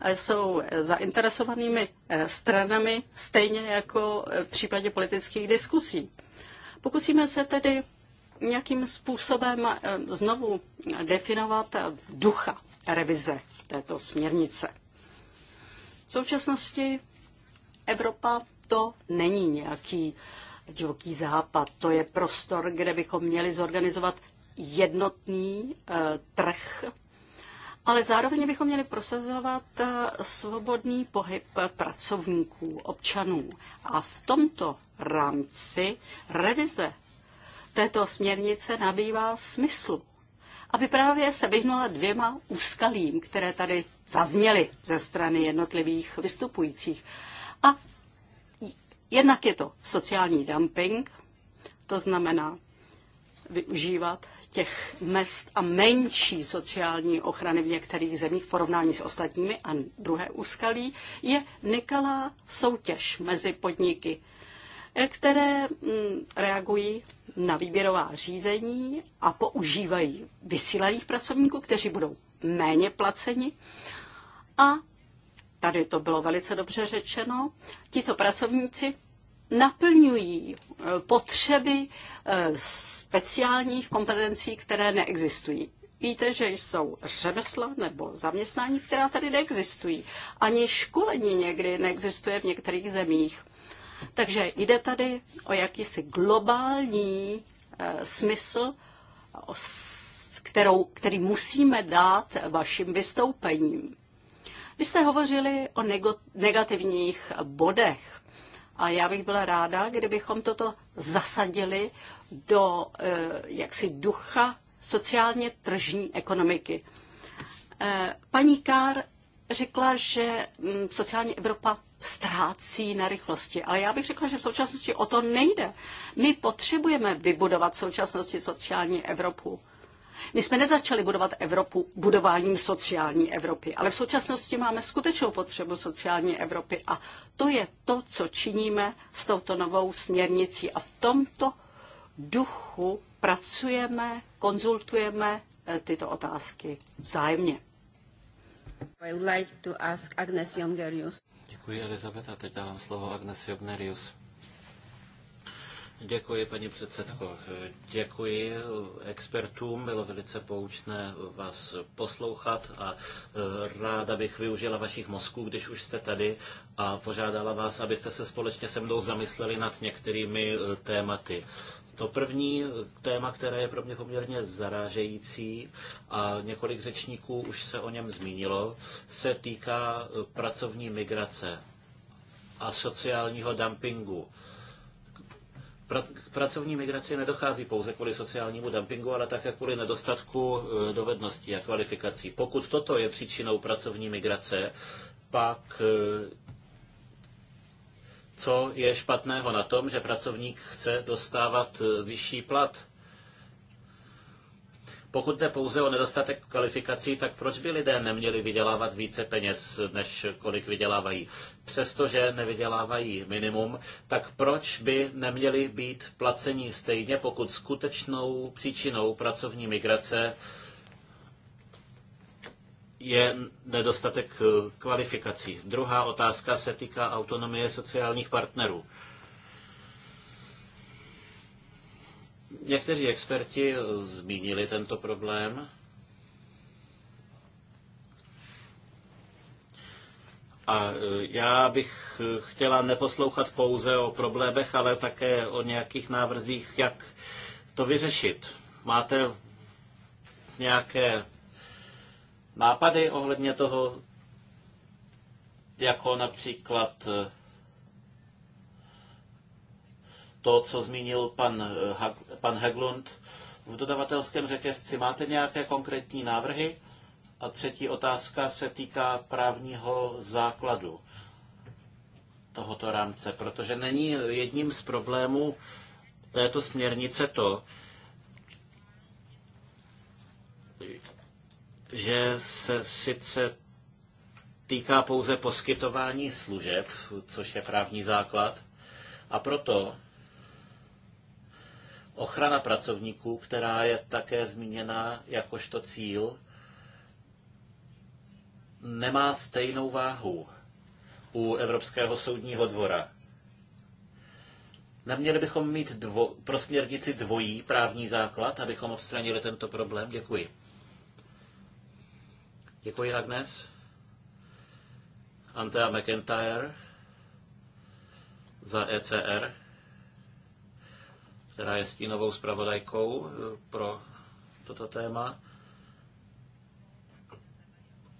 eh, jsou zainteresovanými eh, stranami, stejně jako eh, v případě politických diskusí. Pokusíme se tedy nějakým způsobem znovu definovat ducha revize této směrnice. V současnosti Evropa to není nějaký divoký západ, to je prostor, kde bychom měli zorganizovat jednotný eh, trh, ale zároveň bychom měli prosazovat eh, svobodný pohyb pracovníků, občanů. A v tomto rámci revize této směrnice nabývá smyslu, aby právě se vyhnula dvěma úskalím, které tady zazněly ze strany jednotlivých vystupujících. A Jednak je to sociální dumping, to znamená využívat těch mest a menší sociální ochrany v některých zemích v porovnání s ostatními. A druhé úskalí je nekalá soutěž mezi podniky, které mm, reagují na výběrová řízení a používají vysílaných pracovníků, kteří budou méně placeni a tady to bylo velice dobře řečeno, tito pracovníci naplňují eh, potřeby eh, speciálních kompetencí, které neexistují. Víte, že jsou řemesla nebo zaměstnání, která tady neexistují. Ani školení někdy neexistuje v některých zemích. Takže jde tady o jakýsi globální e, smysl, kterou, který musíme dát vašim vystoupením. Vy jste hovořili o negativních bodech a já bych byla ráda, kdybychom toto zasadili do eh, jaksi ducha sociálně tržní ekonomiky. Eh, paní Kár řekla, že mm, sociální Evropa ztrácí na rychlosti. Ale já bych řekla, že v současnosti o to nejde. My potřebujeme vybudovat v současnosti sociální Evropu. My jsme nezačali budovat Evropu budováním sociální Evropy, ale v současnosti máme skutečnou potřebu sociální Evropy a to je to, co činíme s touto novou směrnicí. A v tomto duchu pracujeme, konzultujeme eh, tyto otázky vzájemně. I would like to ask Agnes Jongerius. Děkuji, Elizabeta. Teď dávám slovo Agnes Jongerius. Děkuji, paní předsedko. Děkuji expertům, bylo velice poučné vás poslouchat a e, ráda bych využila vašich mozků, když už jste tady a požádala vás, abyste se společně se mnou zamysleli nad některými e, tématy. To první e, téma, které je pro mě poměrně zarážející a několik řečníků už se o něm zmínilo, se týká pracovní migrace a sociálního dumpingu k pracovní migraci nedochází pouze kvůli sociálnímu dumpingu, ale také kvůli nedostatku e, dovedností a kvalifikací. Pokud toto je příčinou pracovní migrace, pak e, co je špatného na tom, že pracovník chce dostávat e, vyšší plat? Pokud jde pouze o nedostatek kvalifikací, tak proč by lidé neměli vydělávat více peněz, než kolik vydělávají? Přestože nevydělávají minimum, tak proč by neměli být placení stejně, pokud skutečnou příčinou pracovní migrace je nedostatek kvalifikací. Druhá otázka se týká autonomie sociálních partnerů. Někteří experti zmínili tento problém. A e, já bych chtěla neposlouchat pouze o problémech, ale také o nějakých návrzích, jak to vyřešit. Máte nějaké nápady ohledně toho, jako například e, to, co zmínil pan, eh, pan Heglund v dodavatelském řetězci. Máte nějaké konkrétní návrhy? A třetí otázka se týká právního základu tohoto rámce, protože není jedním z problémů této směrnice to, že se sice týká pouze poskytování služeb, což je právní základ, a proto ochrana pracovníků, která je také zmíněna jakožto cíl, nemá stejnou váhu u Evropského soudního dvora. Neměli bychom mít dvo, pro směrnici dvojí právní základ, abychom odstranili tento problém? Děkuji. Děkuji, Agnes. Antea McIntyre za ECR která je stínovou zpravodajkou eh, pro toto téma.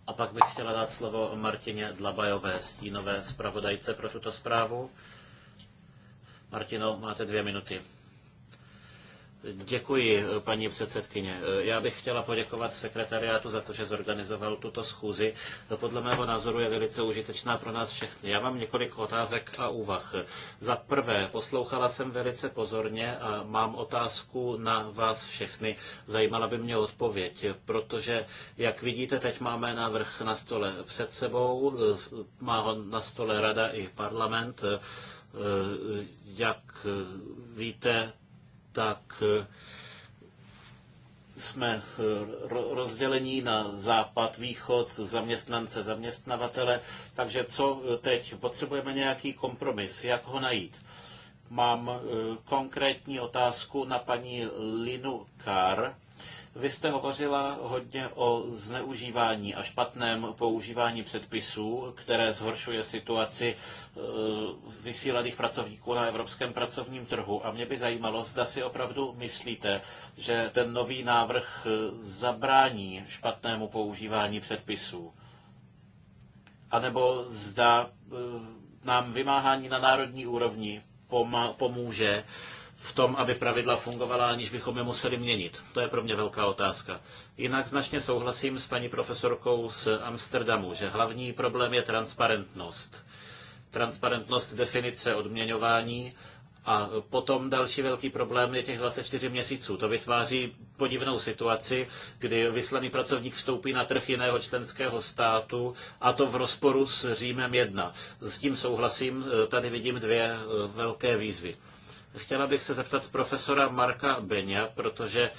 A pak bych chtěla dát slovo Martině Dlabajové, stínové zpravodajce pro tuto zprávu. Martino, máte dvě minuty. Děkuji, paní předsedkyně. Já bych chtěla poděkovat sekretariátu za to, že zorganizoval tuto schůzi. Podle mého názoru je velice užitečná pro nás všechny. Já mám několik otázek a úvah. Za prvé, poslouchala jsem velice pozorně a mám otázku na vás všechny. Zajímala by mě odpověď, protože, jak vidíte, teď máme návrh na stole před sebou, má ho na stole rada i parlament. Jak víte, tak eh, jsme eh, rozdělení na západ, východ, zaměstnance, zaměstnavatele. Takže co eh, teď? Potřebujeme nějaký kompromis. Jak ho najít? Mám konkrétní otázku na paní Linu Kar vy jste hovořila hodně o zneužívání a špatném používání předpisů, které zhoršuje situaci e, vysílaných pracovníků na evropském pracovním trhu. A mě by zajímalo, zda si opravdu myslíte, že ten nový návrh e, zabrání špatnému používání předpisů. A nebo zda e, nám vymáhání na národní úrovni pomůže v tom, aby pravidla fungovala, aniž bychom je museli měnit? To je pro mě velká otázka. Jinak značně souhlasím s paní profesorkou z Amsterdamu, že hlavní problém je transparentnost. Transparentnost definice odměňování a potom další velký problém je těch 24 měsíců. To vytváří podivnou situaci, kdy vyslaný pracovník vstoupí na trh jiného členského státu a to v rozporu s Římem 1. S tím souhlasím, tady vidím dvě eh, velké výzvy. Chtěla bych se zeptat profesora Marka Beňa, protože e,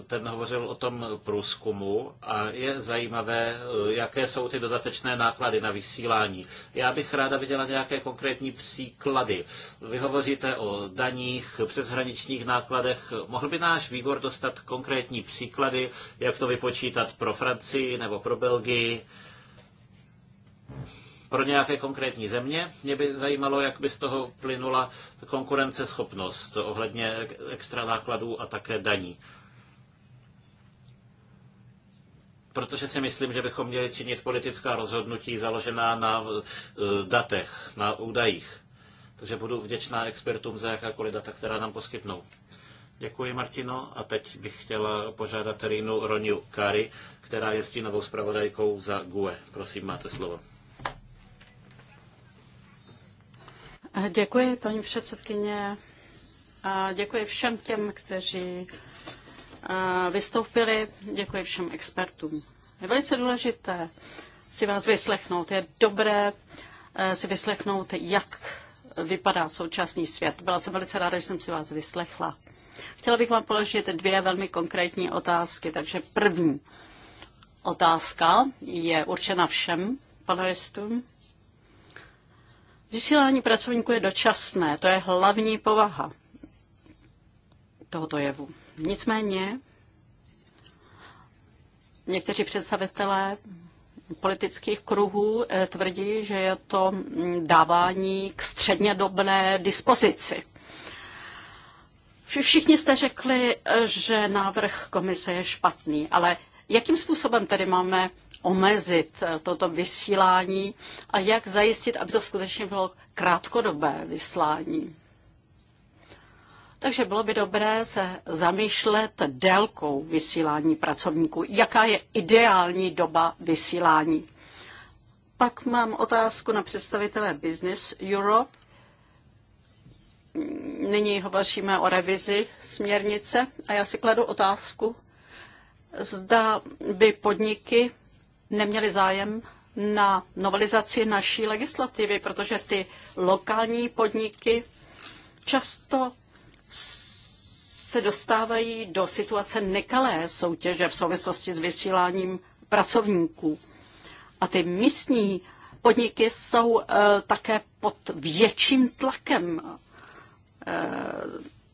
ten hovořil o tom průzkumu a je zajímavé, e, jaké jsou ty dodatečné náklady na vysílání. Já bych ráda viděla nějaké konkrétní příklady. Vy hovoříte o daních, přeshraničních nákladech. Mohl by náš výbor dostat konkrétní příklady, jak to vypočítat pro Francii nebo pro Belgii? pro nějaké konkrétní země. Mě by zajímalo, jak by z toho plynula konkurenceschopnost ohledně extra nákladů a také daní. Protože si myslím, že bychom měli činit politická rozhodnutí založená na eh, datech, na údajích. Takže budu vděčná expertům za jakákoliv data, která nám poskytnou. Děkuji, Martino. A teď bych chtěla požádat Rinu Roniu Kari, která je stínovou zpravodajkou za GUE. Prosím, máte slovo. Děkuji, paní předsedkyně. A děkuji všem těm, kteří vystoupili. Děkuji všem expertům. Je velice důležité si vás vyslechnout. Je dobré e, si vyslechnout, jak vypadá současný svět. Byla jsem velice ráda, že jsem si vás vyslechla. Chtěla bych vám položit dvě velmi konkrétní otázky. Takže první otázka je určena všem panelistům. Vysílání pracovníků je dočasné, to je hlavní povaha tohoto jevu. Nicméně někteří představitelé politických kruhů eh, tvrdí, že je to mm, dávání k dobné dispozici. Všichni jste řekli, eh, že návrh komise je špatný, ale jakým způsobem tedy máme omezit eh, toto vysílání a jak zajistit, aby to skutečně bylo krátkodobé vyslání. Takže bylo by dobré se zamýšlet délkou vysílání pracovníků. Jaká je ideální doba vysílání? Pak mám otázku na představitele Business Europe. Nyní hovoříme o revizi směrnice a já si kladu otázku, zda by podniky neměli zájem na novelizaci naší legislativy, protože ty lokální podniky často se dostávají do situace nekalé soutěže v souvislosti s vysíláním pracovníků. A ty místní podniky jsou e, také pod větším tlakem e,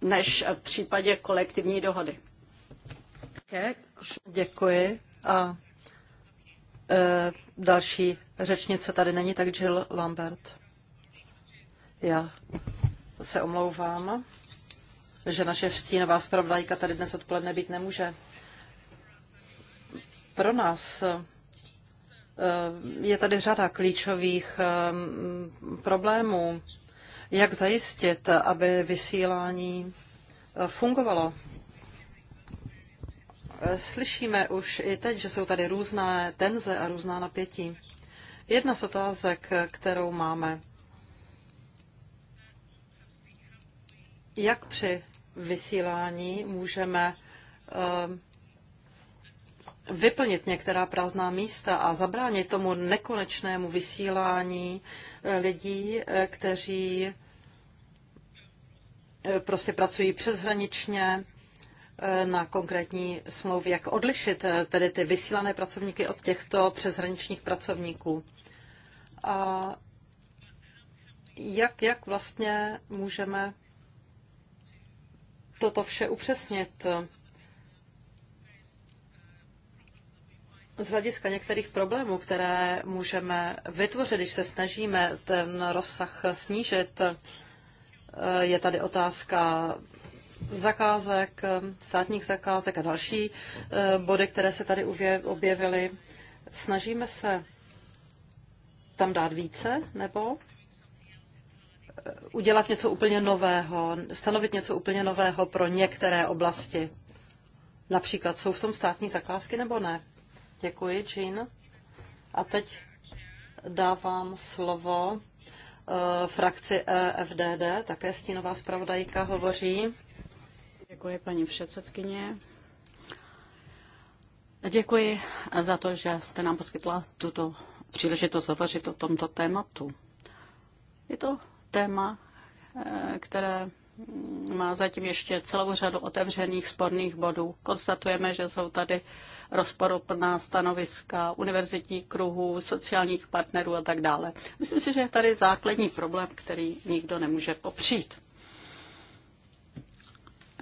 než v případě kolektivní dohody. Děkuji. A Eh, další řečnice tady není, tak Jill Lambert. Já se omlouvám, že naše stínová zpravodajka tady dnes odpoledne být nemůže. Pro nás eh, je tady řada klíčových eh, problémů, jak zajistit, aby vysílání fungovalo Slyšíme už i teď, že jsou tady různé tenze a různá napětí. Jedna z otázek, kterou máme. Jak při vysílání můžeme eh, vyplnit některá prázdná místa a zabránit tomu nekonečnému vysílání eh, lidí, eh, kteří prostě pracují přeshraničně na konkrétní smlouvy, jak odlišit eh, tedy ty vysílané pracovníky od těchto přeshraničních pracovníků. A jak, jak vlastně můžeme toto vše upřesnit? Z hlediska některých problémů, které můžeme vytvořit, když se snažíme ten rozsah snížit, eh, je tady otázka zakázek, státních zakázek a další eh, body, které se tady objevily. Snažíme se tam dát více nebo eh, udělat něco úplně nového, stanovit něco úplně nového pro některé oblasti. Například jsou v tom státní zakázky nebo ne? Děkuji, Jean. A teď dávám slovo eh, frakci EFDD, také stínová zpravodajka hovoří. Děkuji, paní předsedkyně. Děkuji za to, že jste nám poskytla tuto příležitost hovořit o tomto tématu. Je to téma, eh, které má zatím ještě celou řadu otevřených sporných bodů. Konstatujeme, že jsou tady rozporuplná stanoviska univerzitních kruhů, sociálních partnerů a tak dále. Myslím si, že je tady základní problém, který nikdo nemůže popřít.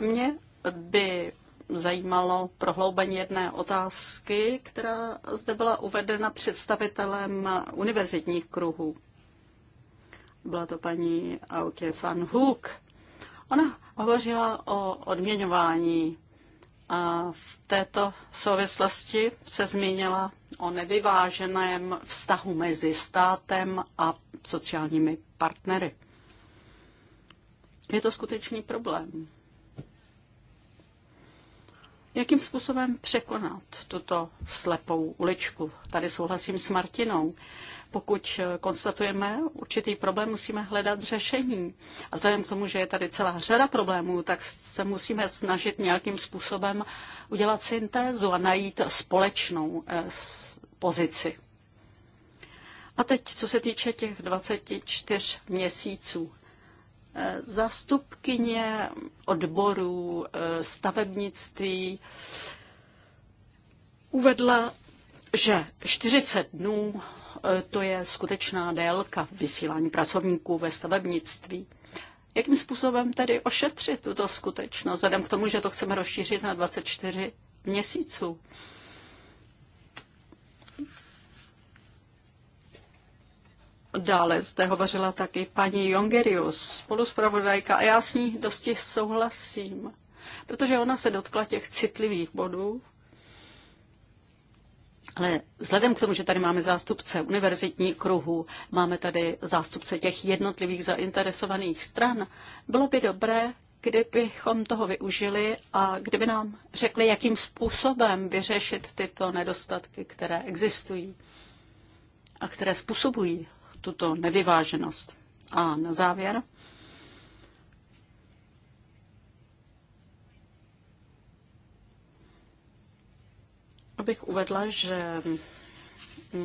Mě by zajímalo prohloubení jedné otázky, která zde byla uvedena představitelem univerzitních kruhů. Byla to paní Auke van Hoek. Ona hovořila o odměňování a v této souvislosti se zmínila o nevyváženém vztahu mezi státem a sociálními partnery. Je to skutečný problém jakým způsobem překonat tuto slepou uličku. Tady souhlasím s Martinou. Pokud eh, konstatujeme určitý problém, musíme hledat řešení. A vzhledem k tomu, že je tady celá řada problémů, tak se musíme snažit nějakým způsobem udělat syntézu a najít společnou eh, pozici. A teď, co se týče těch 24 měsíců zastupkyně odboru eh, stavebnictví uvedla, že 40 dnů eh, to je skutečná délka vysílání pracovníků ve stavebnictví. Jakým způsobem tedy ošetřit tuto skutečnost, vzhledem k tomu, že to chceme rozšířit na 24 měsíců? Dále zde hovořila taky paní Jongerius, spoluspravodajka, a já s ní dosti souhlasím, protože ona se dotkla těch citlivých bodů. Ale vzhledem k tomu, že tady máme zástupce univerzitní kruhu, máme tady zástupce těch jednotlivých zainteresovaných stran, bylo by dobré, kdybychom toho využili a kdyby nám řekli, jakým způsobem vyřešit tyto nedostatky, které existují a které způsobují tuto nevyváženost. A na závěr. Abych uvedla, že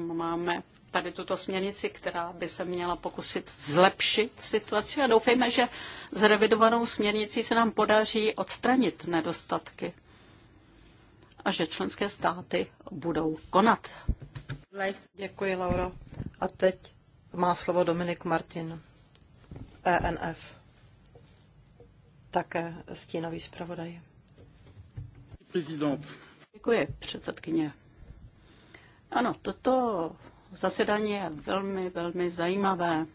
máme tady tuto směrnici, která by se měla pokusit zlepšit situaci a doufejme, že s revidovanou směrnicí se nám podaří odstranit nedostatky a že členské státy budou konat. Děkuji, Lauro. A teď má slovo Dominik Martin, ENF, také stínový zpravodaj. Prezident. Děkuji, předsedkyně. Ano, toto zasedání je velmi, velmi zajímavé.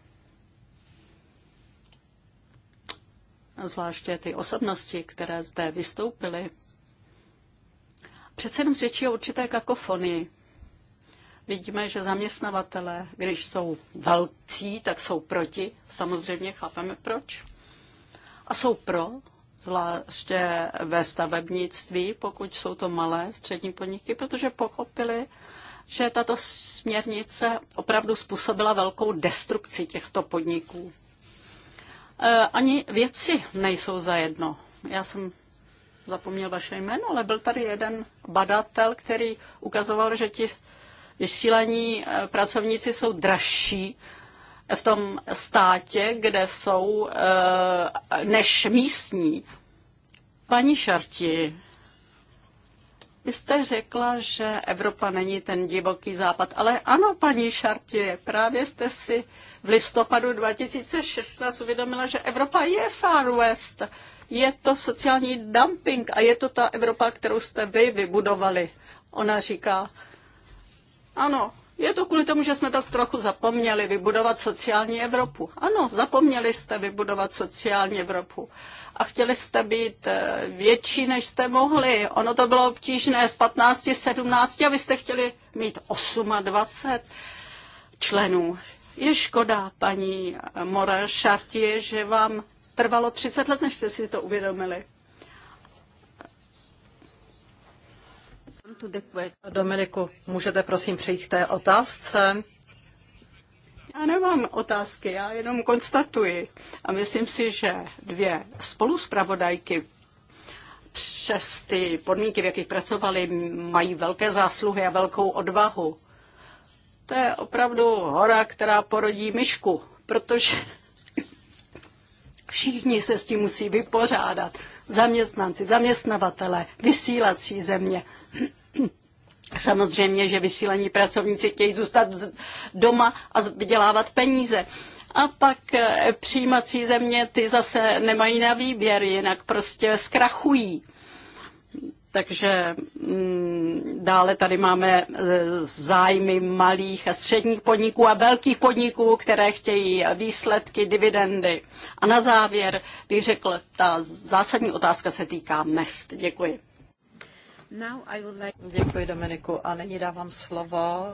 Zvláště ty osobnosti, které zde vystoupily, přece jenom svědčí o určité kakofonii. Vidíme, že zaměstnavatele, když jsou velcí, tak jsou proti. Samozřejmě chápeme proč. A jsou pro, zvláště ve stavebnictví, pokud jsou to malé střední podniky, protože pochopili, že tato směrnice opravdu způsobila velkou destrukci těchto podniků. E, ani věci nejsou zajedno. Já jsem zapomněl vaše jméno, ale byl tady jeden badatel, který ukazoval, že ti vysílaní eh, pracovníci jsou dražší v tom státě, kde jsou, eh, než místní. Paní Šarti, jste řekla, že Evropa není ten divoký západ, ale ano, paní Šarti, právě jste si v listopadu 2016 uvědomila, že Evropa je Far West, je to sociální dumping a je to ta Evropa, kterou jste vy vybudovali. Ona říká, ano, je to kvůli tomu, že jsme tak trochu zapomněli vybudovat sociální Evropu. Ano, zapomněli jste vybudovat sociální Evropu. A chtěli jste být eh, větší, než jste mohli. Ono to bylo obtížné z 15, 17 a vy jste chtěli mít 28 členů. Je škoda, paní Morel Šartě, že vám trvalo 30 let, než jste si to uvědomili. Dominiku, můžete prosím přejít k té otázce? Já nemám otázky, já jenom konstatuji. A myslím si, že dvě spoluspravodajky přes ty podmínky, v jakých pracovali, mají velké zásluhy a velkou odvahu. To je opravdu hora, která porodí myšku, protože všichni se s tím musí vypořádat. Zaměstnanci, zaměstnavatele, vysílací země. Samozřejmě, že vysílení pracovníci chtějí zůstat doma a vydělávat peníze. A pak eh, přijímací země, ty zase nemají na výběr, jinak prostě zkrachují. Takže mm, dále tady máme eh, zájmy malých a středních podniků a velkých podniků, které chtějí výsledky, dividendy. A na závěr bych řekl, ta zásadní otázka se týká mest. Děkuji. Děkuji, Dominiku. A nyní dávám slovo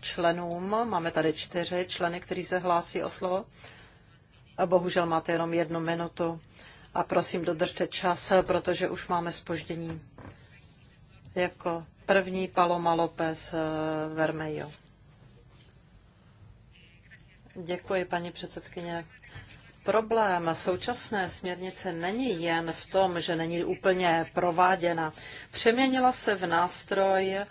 členům. Máme tady čtyři členy, kteří se hlásí o slovo. A bohužel máte jenom jednu minutu. A prosím, dodržte čas, protože už máme spoždění. Jako první Paloma López eh, Vermejo. Děkuji, paní předsedkyně problém současné směrnice není jen v tom, že není úplně prováděna. Přeměnila se v nástroj, eh,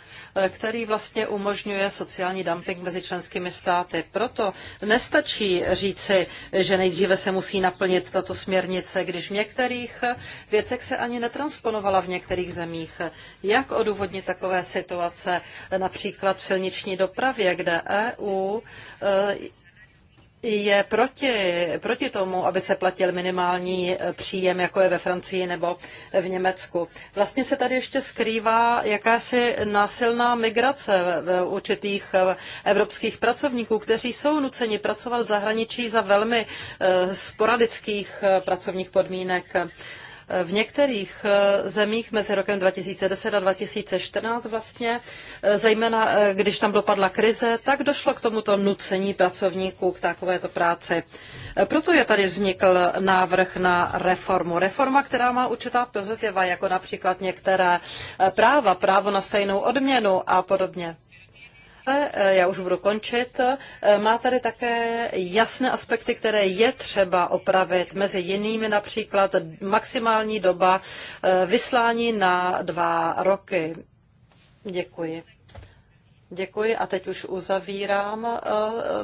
který vlastně umožňuje sociální dumping mezi členskými státy. Proto nestačí říci, že nejdříve se musí naplnit tato směrnice, když v některých věcech se ani netransponovala v některých zemích. Jak odůvodnit takové situace například v silniční dopravě, kde EU eh, je proti, proti tomu, aby se platil minimální eh, příjem, jako je ve Francii nebo v Německu. Vlastně se tady ještě skrývá jakási násilná migrace v určitých eh, evropských pracovníků, kteří jsou nuceni pracovat v zahraničí za velmi eh, sporadických pracovních podmínek. V některých eh, zemích mezi rokem 2010 a 2014 vlastně, eh, zejména eh, když tam dopadla krize, tak došlo k tomuto nucení pracovníků k takovéto práci. Proto je tady vznikl návrh na reformu. Reforma, která má určitá pozitiva, jako například některé práva, právo na stejnou odměnu a podobně. Dále, eh, já už budu končit, eh, má tady také jasné aspekty, které je třeba opravit, mezi jinými například maximální doba eh, vyslání na dva roky. Děkuji. Děkuji a teď už uzavírám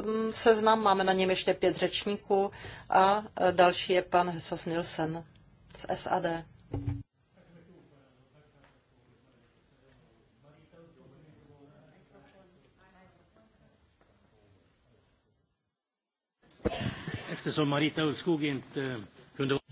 mm, seznam. Máme na něm ještě pět řečníků a další je pan Hesos Nilsen z SAD.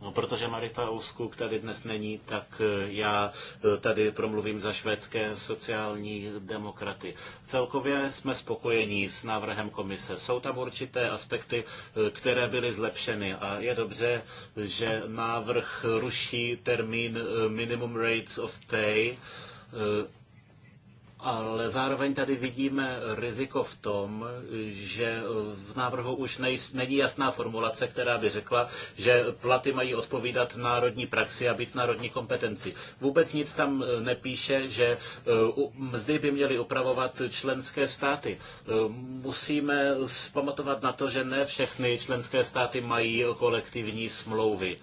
No, protože Marita Úskuk tady dnes není, tak eh, já eh, tady promluvím za švédské sociální demokraty. Celkově jsme spokojení s návrhem komise. Jsou tam určité aspekty, eh, které byly zlepšeny a je dobře, že návrh ruší termín minimum rates of pay ale zároveň tady vidíme riziko v tom, že v návrhu už nej, není jasná formulace, která by řekla, že platy mají odpovídat národní praxi a být národní kompetenci. Vůbec nic tam nepíše, že eh, mzdy by měly upravovat členské státy. Eh, musíme pamatovat na to, že ne všechny členské státy mají kolektivní smlouvy.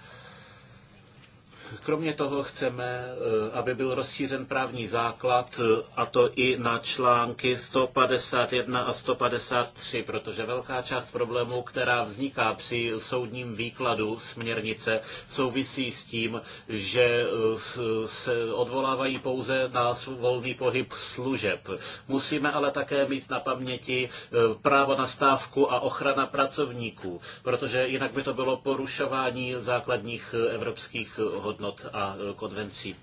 Kromě toho chceme, eh, aby byl rozšířen právní základ, eh, a to i na články 151 a 153, protože velká část problémů, která vzniká při soudním výkladu směrnice, souvisí s tím, že eh, se odvolávají pouze na volný pohyb služeb. Musíme ale také mít na paměti právo na stávku a ochrana pracovníků, protože jinak by to bylo porušování základních evropských hodnot hodnot a e, konvencí.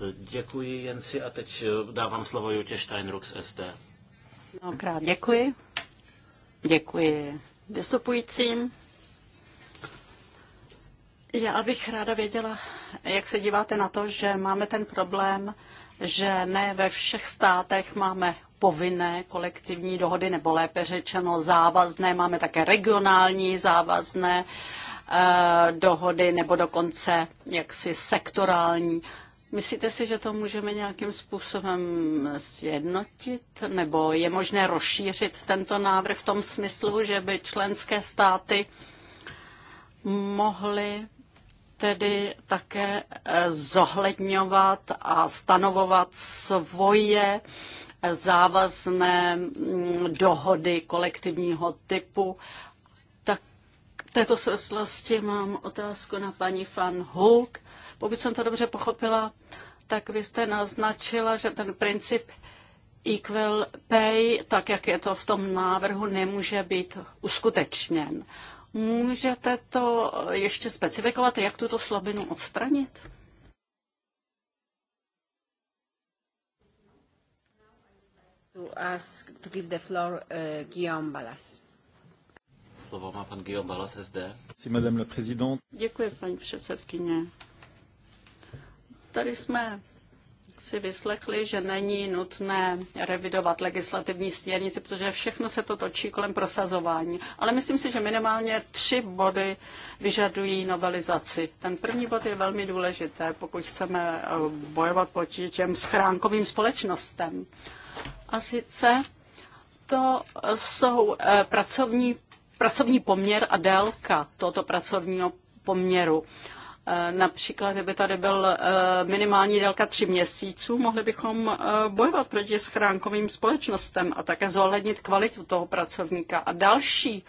E, děkuji Jenci a teď e, dávám slovo Jutě Steinruck z SD. Mnohokrát děkuji. Děkuji vystupujícím. Já bych ráda věděla, jak se díváte na to, že máme ten problém, že ne ve všech státech máme povinné kolektivní dohody, nebo lépe řečeno závazné, máme také regionální závazné uh, Eh, dohody nebo dokonce jaksi sektorální. Myslíte si, že to můžeme nějakým způsobem sjednotit, nebo je možné rozšířit tento návrh v tom smyslu, že by členské státy mohly tedy také eh, zohledňovat a stanovovat svoje závazné mm, dohody kolektivního typu této souvislosti mám otázku na paní Van Hulk. Pokud jsem to dobře pochopila, tak vy jste naznačila, že ten princip equal pay, tak jak je to v tom návrhu, nemůže být uskutečněn. Můžete to ještě specifikovat, jak tuto slabinu odstranit? To ask to give the floor uh, Guillaume Balas. Slovo má pan Guillaume Balas SD. Děkuji, paní předsedkyně. Tady jsme si vyslechli, že není nutné revidovat legislativní směrnici, protože všechno se to točí kolem prosazování. Ale myslím si, že minimálně tři body vyžadují novelizaci. Ten první bod je velmi důležité, pokud chceme eh, bojovat proti těm schránkovým společnostem. A sice to jsou eh, pracovní pracovní poměr a délka tohoto pracovního poměru. E, například, kdyby tady byl e, minimální délka tři měsíců, mohli bychom e, bojovat proti schránkovým společnostem a také zohlednit kvalitu toho pracovníka. A další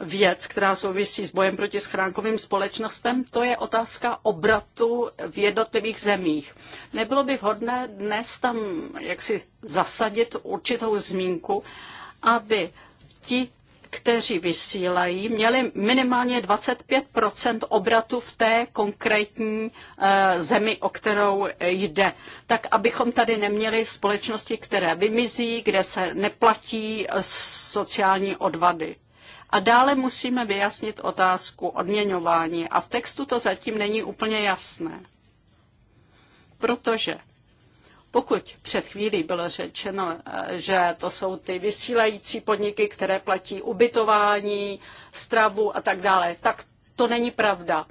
věc, která souvisí s bojem proti schránkovým společnostem, to je otázka obratu v jednotlivých zemích. Nebylo by vhodné dnes tam jaksi zasadit určitou zmínku, aby ti kteří vysílají, měli minimálně 25 obratu v té konkrétní eh, zemi, o kterou jde. Tak, abychom tady neměli společnosti, které vymizí, kde se neplatí eh, sociální odvady. A dále musíme vyjasnit otázku odměňování. A v textu to zatím není úplně jasné. Protože pokud před chvílí bylo řečeno, eh, že to jsou ty vysílající podniky, které platí ubytování, stravu a tak dále, tak to není pravda.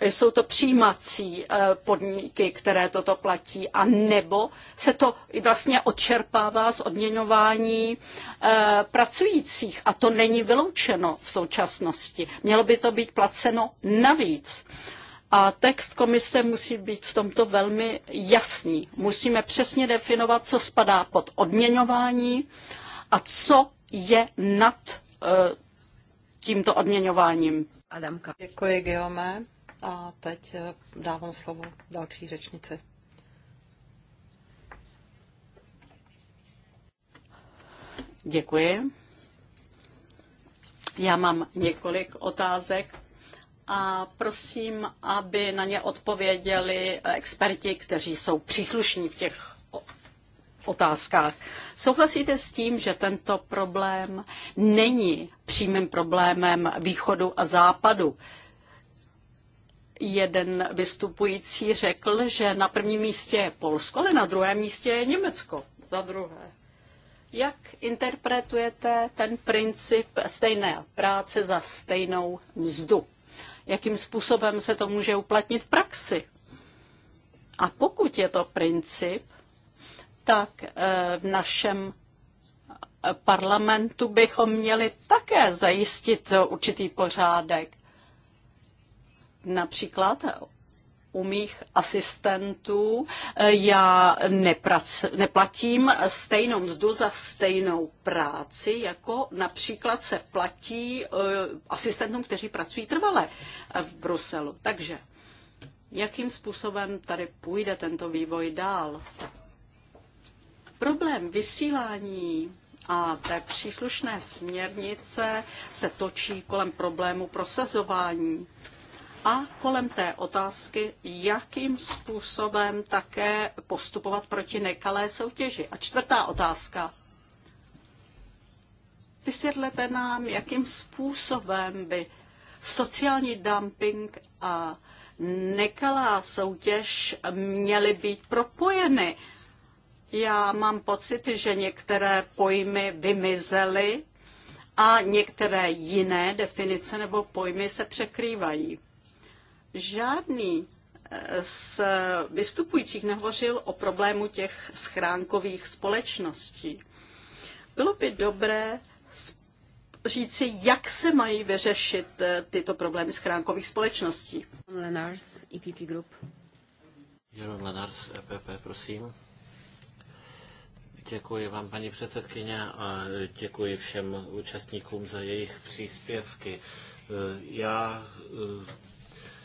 Jsou to přijímací eh, podniky, které toto platí, a nebo se to vlastně odčerpává z odměňování eh, pracujících a to není vyloučeno v současnosti. Mělo by to být placeno navíc. A text komise musí být v tomto velmi jasný. Musíme přesně definovat, co spadá pod odměňování a co je nad eh, tímto odměňováním. Adamka. Děkuji, Geome. A teď eh, dávám slovo další řečnici. Děkuji. Já mám několik otázek a prosím, aby na ně odpověděli experti, kteří jsou příslušní v těch otázkách. Souhlasíte s tím, že tento problém není přímým problémem východu a západu? Jeden vystupující řekl, že na prvním místě je Polsko, ale na druhém místě je Německo. Za druhé. Jak interpretujete ten princip stejné práce za stejnou mzdu? jakým způsobem se to může uplatnit v praxi. A pokud je to princip, tak eh, v našem parlamentu bychom měli také zajistit určitý pořádek. Například u mých asistentů. Já neprac, neplatím stejnou mzdu za stejnou práci, jako například se platí eh, asistentům, kteří pracují trvale eh, v Bruselu. Takže jakým způsobem tady půjde tento vývoj dál? Problém vysílání a té příslušné směrnice se točí kolem problému prosazování a kolem té otázky, jakým způsobem také postupovat proti nekalé soutěži. A čtvrtá otázka. Vysvětlete nám, jakým způsobem by sociální dumping a nekalá soutěž měly být propojeny. Já mám pocit, že některé pojmy vymizely a některé jiné definice nebo pojmy se překrývají. Žádný eh, z vystupujících nehovořil o problému těch schránkových společností. Bylo by dobré říci, jak se mají vyřešit eh, tyto problémy schránkových společností. Lenars, EPP Group. Jeroen Lenars, EPP, prosím. Děkuji vám, paní předsedkyně, a děkuji všem účastníkům za jejich příspěvky. Eh, já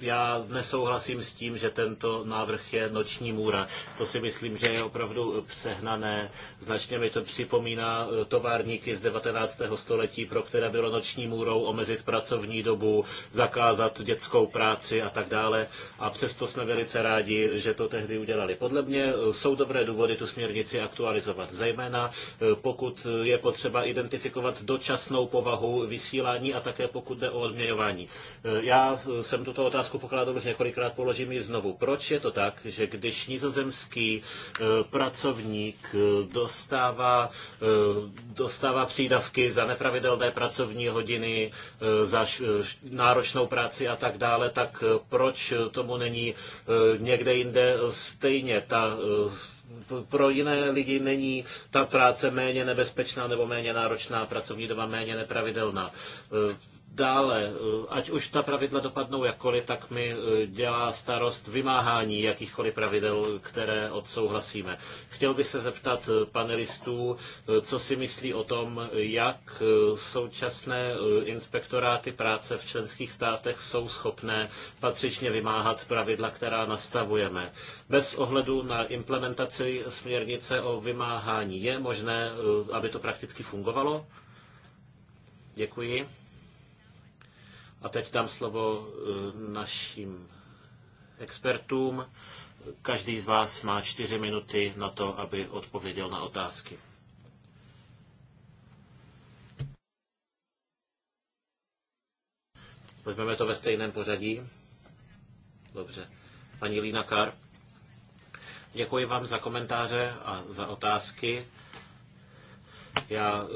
já nesouhlasím s tím, že tento návrh je noční můra. To si myslím, že je opravdu přehnané. Značně mi to připomíná eh, továrníky z 19. století, pro které bylo noční můrou omezit pracovní dobu, zakázat dětskou práci a tak dále. A přesto jsme velice rádi, že to tehdy udělali. Podle mě eh, jsou dobré důvody tu směrnici aktualizovat, zejména eh, pokud je potřeba identifikovat dočasnou povahu vysílání a také pokud jde o odměňování. Já jsem tuto tuto otázku pokládal už několikrát, položím ji znovu. Proč je to tak, že když nizozemský e, pracovník e, dostává, e, dostává přídavky za nepravidelné pracovní hodiny, za náročnou práci a tak dále, tak proč tomu není někde jinde stejně ta pro jiné lidi není ta práce méně nebezpečná nebo méně náročná, pracovní doba méně nepravidelná. Dále, eh, ať už ta pravidla dopadnou jakkoliv, tak mi eh, dělá starost vymáhání jakýchkoliv pravidel, které odsouhlasíme. Chtěl bych se zeptat eh, panelistů, co si myslí o tom, jak současné inspektoráty práce v členských státech jsou schopné patřičně vymáhat pravidla, která nastavujeme. Bez ohledu na implementaci směrnice o vymáhání je možné, aby to prakticky fungovalo? Děkuji. A teď dám slovo eh, našim expertům. Každý z vás má čtyři minuty na to, aby odpověděl na otázky. Vezmeme to ve stejném pořadí. Dobře. Paní Lína Kar, děkuji vám za komentáře a za otázky. Já eh,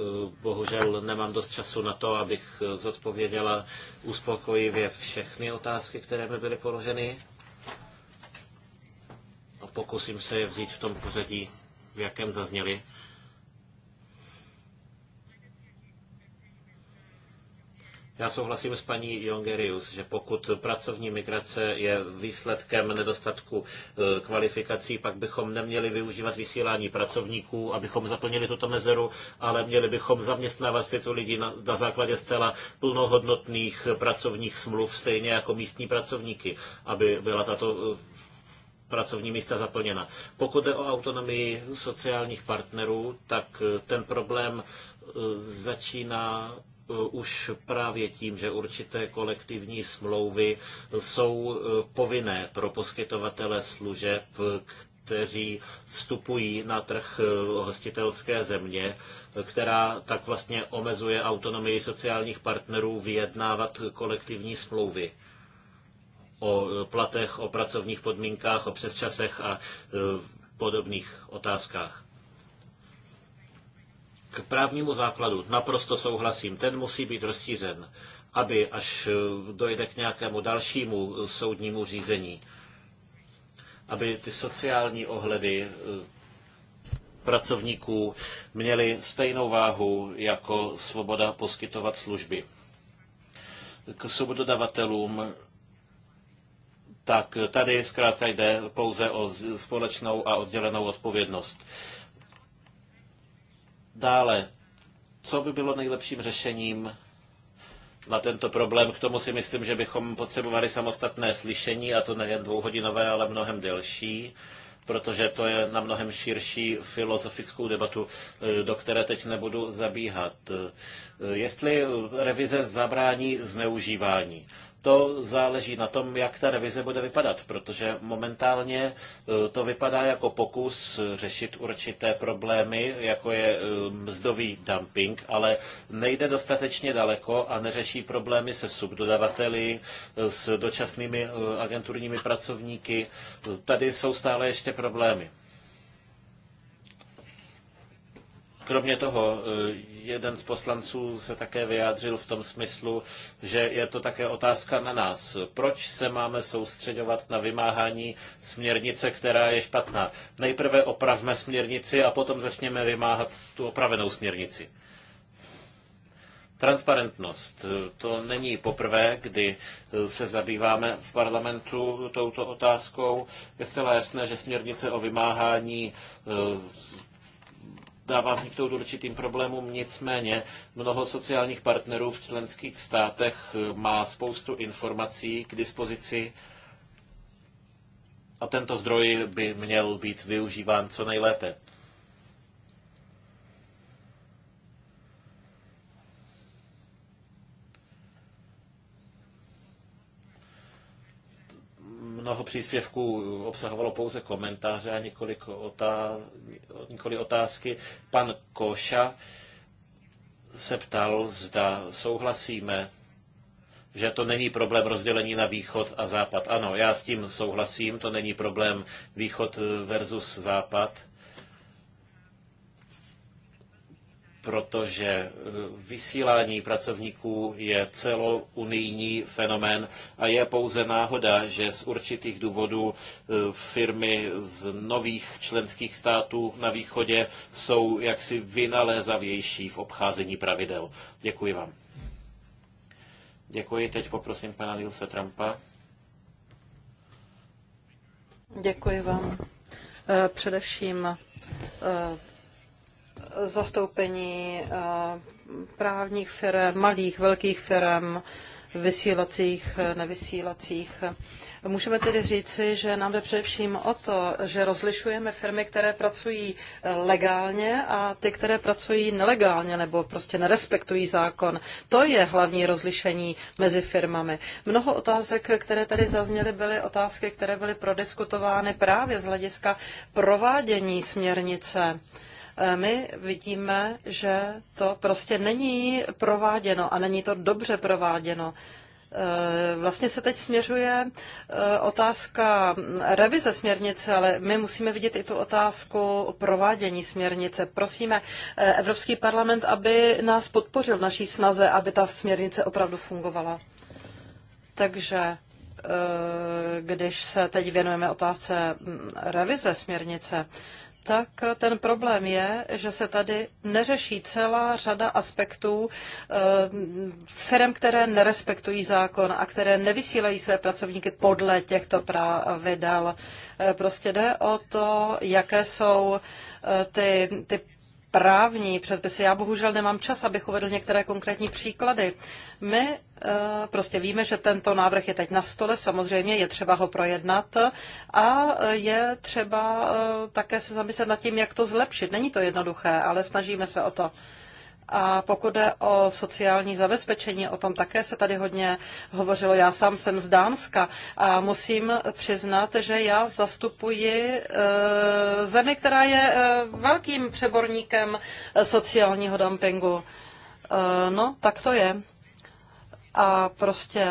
bohužel nemám dost času na to, abych eh, zodpověděla uspokojivě všechny otázky, které mi byly položeny. A pokusím se je vzít v tom pořadí, v jakém zazněly. Já souhlasím s paní Jongerius, že pokud pracovní migrace je výsledkem nedostatku e, kvalifikací, pak bychom neměli využívat vysílání pracovníků, abychom zaplnili tuto mezeru, ale měli bychom zaměstnávat tyto lidi na, na základě zcela plnohodnotných pracovních smluv, stejně jako místní pracovníky, aby byla tato e, pracovní místa zaplněna. Pokud jde o autonomii sociálních partnerů, tak e, ten problém začíná Eh, už právě tím, že určité kolektivní smlouvy jsou eh, povinné pro poskytovatele služeb, kteří vstupují na trh eh, hostitelské země, která tak vlastně omezuje autonomii sociálních partnerů vyjednávat kolektivní smlouvy o platech, o pracovních podmínkách, o přesčasech a podobných otázkách. K právnímu základu naprosto souhlasím, ten musí být rozšířen, aby až eh, dojde k nějakému dalšímu eh, soudnímu řízení, aby ty sociální ohledy eh, pracovníků měly stejnou váhu jako svoboda poskytovat služby. K subdodavatelům tak tady zkrátka jde pouze o společnou a oddělenou odpovědnost. Dále, co by bylo nejlepším řešením na tento problém? K tomu si myslím, že bychom potřebovali samostatné slyšení, a to nejen dvouhodinové, ale mnohem delší protože to je na mnohem širší filozofickou debatu, do které teď nebudu zabíhat. Eh, jestli revize zabrání zneužívání. To záleží na tom, jak ta revize bude vypadat, protože momentálně eh, to vypadá jako pokus eh, řešit určité problémy, jako je mzdový dumping, ale nejde dostatečně daleko a neřeší problémy se subdodavateli, s dočasnými agenturními pracovníky. Tady jsou stále ještě problémy. Kromě toho, eh, jeden z poslanců se také vyjádřil v tom smyslu, že je to také otázka na nás. Proč se máme soustředovat na vymáhání směrnice, která je špatná? Nejprve opravme směrnici a potom začněme vymáhat tu opravenou směrnici. Transparentnost. To není poprvé, kdy eh, se zabýváme v parlamentu touto otázkou. Je zcela jasné, že směrnice o vymáhání eh, dává vzniknout určitým problémům. Nicméně mnoho sociálních partnerů v členských státech eh, má spoustu informací k dispozici a tento zdroj by měl být využíván co nejlépe. mnoho příspěvků obsahovalo pouze komentáře a několik, otá, několik otázky. Pan Koša se ptal, zda souhlasíme, že to není problém rozdělení na východ a západ. Ano, já s tím souhlasím, to není problém východ versus západ. protože e, vysílání pracovníků je celounijní fenomén a je pouze náhoda, že z určitých důvodů e, firmy z nových členských států na východě jsou jaksi vynalézavější v obcházení pravidel. Děkuji vám. Děkuji. Teď poprosím pana Nilse Trumpa. Děkuji vám. E, především zastoupení eh, právních firm, malých, velkých firm, vysílacích, nevysílacích. Můžeme tedy říci, že nám jde především o to, že rozlišujeme firmy, které pracují eh, legálně a ty, které pracují nelegálně nebo prostě nerespektují zákon. To je hlavní rozlišení mezi firmami. Mnoho otázek, které tady zazněly, byly otázky, které byly prodiskutovány právě z hlediska provádění směrnice. Eh, my vidíme, že to prostě není prováděno a není to dobře prováděno. Eh, vlastně se teď směřuje eh, otázka revize směrnice, ale my musíme vidět i tu otázku provádění směrnice. Prosíme Evropský parlament, aby nás podpořil v naší snaze, aby ta směrnice opravdu fungovala. Takže když se teď věnujeme otázce mm, revize směrnice, tak ten problém je, že se tady neřeší celá řada aspektů eh, firm, které nerespektují zákon a které nevysílají své pracovníky podle těchto pravidel. Eh, prostě jde o to, jaké jsou eh, ty, ty právní předpisy. Já bohužel nemám čas, abych uvedl některé konkrétní příklady. My eh, prostě víme, že tento návrh je teď na stole, samozřejmě je třeba ho projednat a je třeba eh, také se zamyslet nad tím, jak to zlepšit. Není to jednoduché, ale snažíme se o to. A pokud jde o sociální zabezpečení, o tom také se tady hodně hovořilo. Já sám jsem z Dánska a musím přiznat, že já zastupuji e, zemi, která je e, velkým přeborníkem e, sociálního dumpingu. No, tak to je. A prostě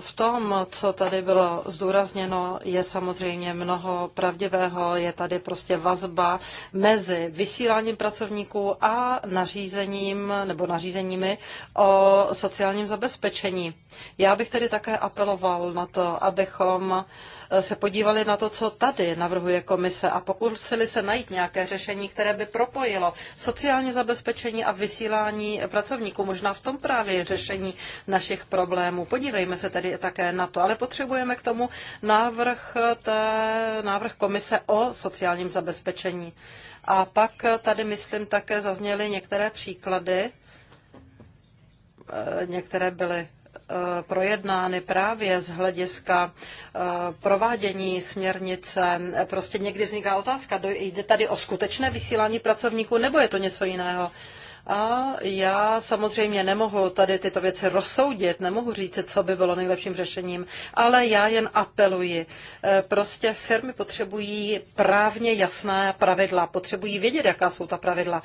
v tom, co tady bylo zdůrazněno, je samozřejmě mnoho pravdivého. Je tady prostě vazba mezi vysíláním pracovníků a nařízením nebo nařízeními o sociálním zabezpečení. Já bych tedy také apeloval na to, abychom uh, se podívali na to, co tady navrhuje komise a pokusili se najít nějaké řešení, které by propojilo sociální zabezpečení a vysílání pracovníků. Možná v tom právě je řešení našich problémů. Podívejme se tedy také na to, ale potřebujeme k tomu návrh, té, návrh komise o sociálním zabezpečení. A pak tady, myslím, také zazněly některé příklady, e, některé byly Eh, projednány právě z hlediska eh, provádění směrnice, prostě někdy vzniká otázka, jde tady o skutečné vysílání pracovníků nebo je to něco jiného? A já samozřejmě nemohu tady tyto věci rozsoudit, nemohu říct, co by bylo nejlepším řešením, ale já jen apeluji. Eh, prostě firmy potřebují právně jasná pravidla, potřebují vědět, jaká jsou ta pravidla.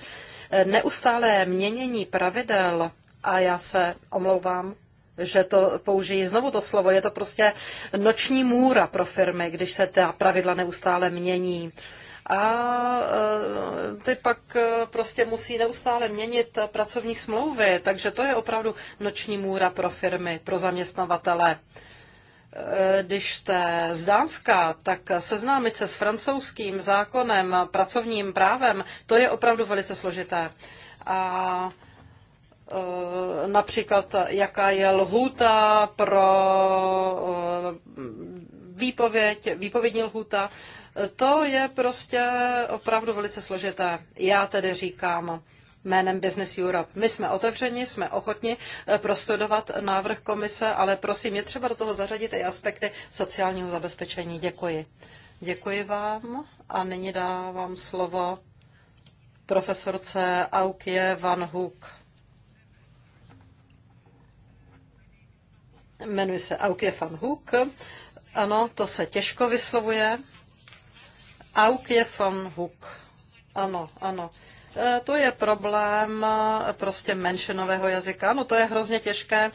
Neustálé měnění pravidel, a já se omlouvám, že to použijí znovu to slovo. Je to prostě noční můra pro firmy, když se ta pravidla neustále mění. A e, ty pak e, prostě musí neustále měnit pracovní smlouvy, takže to je opravdu noční můra pro firmy, pro zaměstnavatele e, když jste z Dánska, tak seznámit se s francouzským zákonem, pracovním právem, to je opravdu velice složité. A Eh, například jaká je lhůta pro eh, výpověď, výpovědní lhůta. To je prostě opravdu velice složité. Já tedy říkám jménem Business Europe. My jsme otevřeni, jsme ochotni eh, prostudovat návrh komise, ale prosím, je třeba do toho zařadit i aspekty sociálního zabezpečení. Děkuji. Děkuji vám a nyní dávám slovo profesorce Aukje van Hook. jmenuji se Aukje van Hoek. Ano, to se těžko vyslovuje. Aukje van Hoek. Ano, ano. E, to je problém e, prostě menšinového jazyka. No to je hrozně těžké e,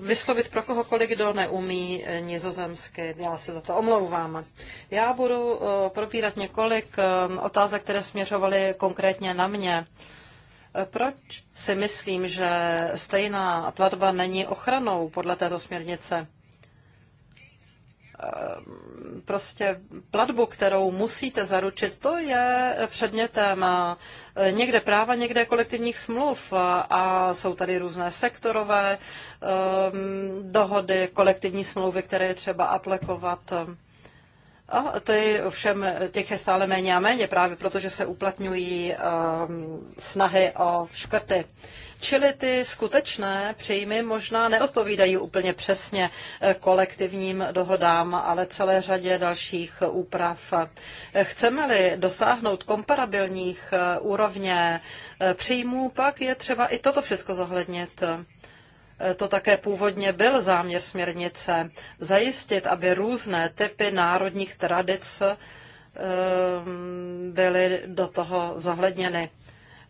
vyslovit pro kohokoliv, kdo neumí nizozemsky. Já se za to omlouvám. Já budu probírat několik otázek, které směřovaly konkrétně na mě. Proč si myslím, že stejná platba není ochranou podle této směrnice? Ehm, prostě platbu, kterou musíte zaručit, to je předmětem e, někde práva, někde kolektivních smluv a jsou tady různé sektorové ehm, dohody, kolektivní smlouvy, které je třeba aplikovat. A ty ovšem těch je stále méně a méně, právě protože se uplatňují um, snahy o škrty. Čili ty skutečné příjmy možná neodpovídají úplně přesně eh, kolektivním dohodám, ale celé řadě dalších úprav. Chceme-li dosáhnout komparabilních eh, úrovně eh, příjmů, pak je třeba i toto všechno zohlednit to také původně byl záměr směrnice, zajistit, aby různé typy národních tradic eh, byly do toho zohledněny.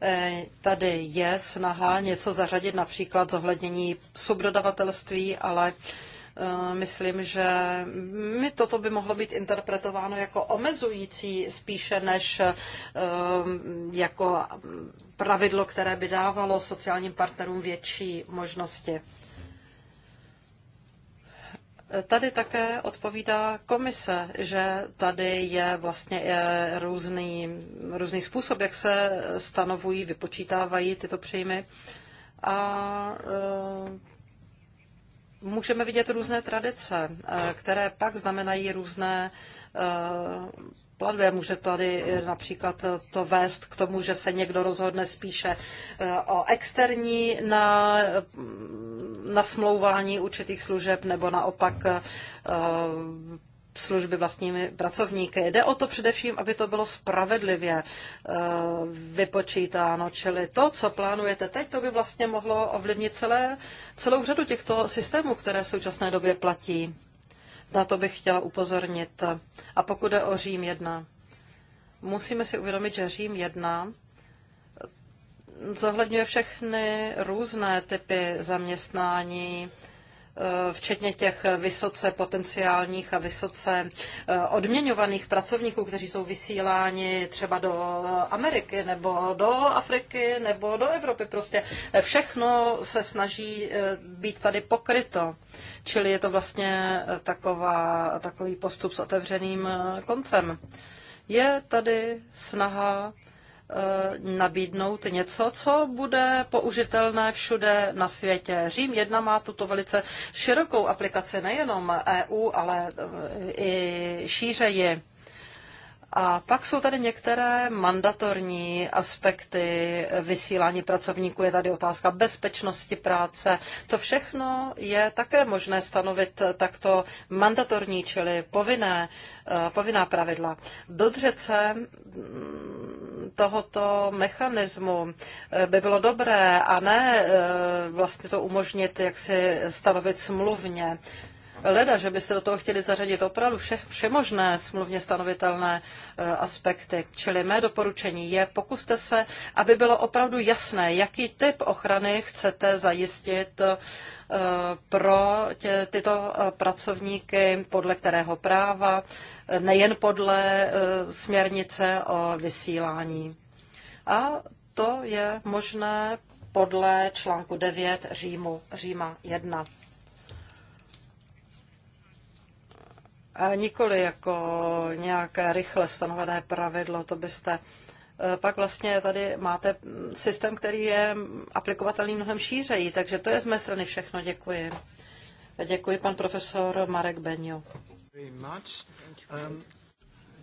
Eh, tady je snaha něco zařadit, například zohlednění subdodavatelství, ale Eh, myslím, že mi toto by mohlo být interpretováno jako omezující spíše než eh, jako pravidlo, které by dávalo sociálním partnerům větší možnosti. Tady také odpovídá komise, že tady je vlastně eh, různý, různý způsob, jak se stanovují, vypočítávají tyto příjmy. A můžeme vidět různé tradice, eh, které pak znamenají různé eh, platbě. Může tady eh, například to vést k tomu, že se někdo rozhodne spíše o externí na, mm, na smlouvání určitých služeb nebo naopak služby vlastními pracovníky. Jde o to především, aby to bylo spravedlivě eh, vypočítáno, čili to, co plánujete teď, to by vlastně mohlo ovlivnit celé, celou řadu těchto systémů, které v současné době platí. Na to bych chtěla upozornit. A pokud je o Řím 1, musíme si uvědomit, že Řím 1 zohledňuje všechny různé typy zaměstnání, Eh, včetně těch vysoce potenciálních a vysoce eh, odměňovaných pracovníků, kteří jsou vysíláni třeba do Ameriky nebo do Afriky nebo do Evropy. Prostě všechno se snaží eh, být tady pokryto. Čili je to vlastně taková, takový postup s otevřeným koncem. Je tady snaha Eh, nabídnout něco, co bude použitelné všude na světě. Řím 1 má tuto velice širokou aplikaci nejenom EU, ale eh, i šířeji. A pak jsou tady některé mandatorní aspekty vysílání pracovníků, je tady otázka bezpečnosti práce. To všechno je také možné stanovit takto mandatorní, čili povinné, eh, povinná pravidla. Dodržet se mm, tohoto mechanismu eh, by bylo dobré a ne eh, vlastně to umožnit, jak si stanovit smluvně. Leda, že byste do toho chtěli zařadit opravdu vše, všemožné smluvně stanovitelné e, aspekty. Čili mé doporučení je, pokuste se, aby bylo opravdu jasné, jaký typ ochrany chcete zajistit e, pro tě, tyto e, pracovníky, podle kterého práva, nejen podle směrnice o vysílání. A to je možné podle článku 9 Římu, Říma 1. nikoli jako nějaké rychle stanovené pravidlo, to byste e, pak vlastně tady máte systém, který je aplikovatelný mnohem šířejí, takže to je z mé strany všechno. Děkuji. Děkuji pan profesor Marek Benio.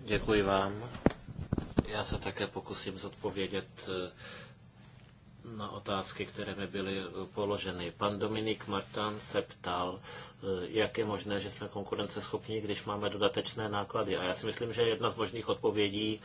Děkuji vám. Já se také pokusím zodpovědět e, na otázky, které mi byly eh, položeny. Pan Dominik Martán se ptal, eh, jak je možné, že jsme konkurenceschopní, když máme dodatečné náklady. A já si myslím, že jedna z možných odpovědí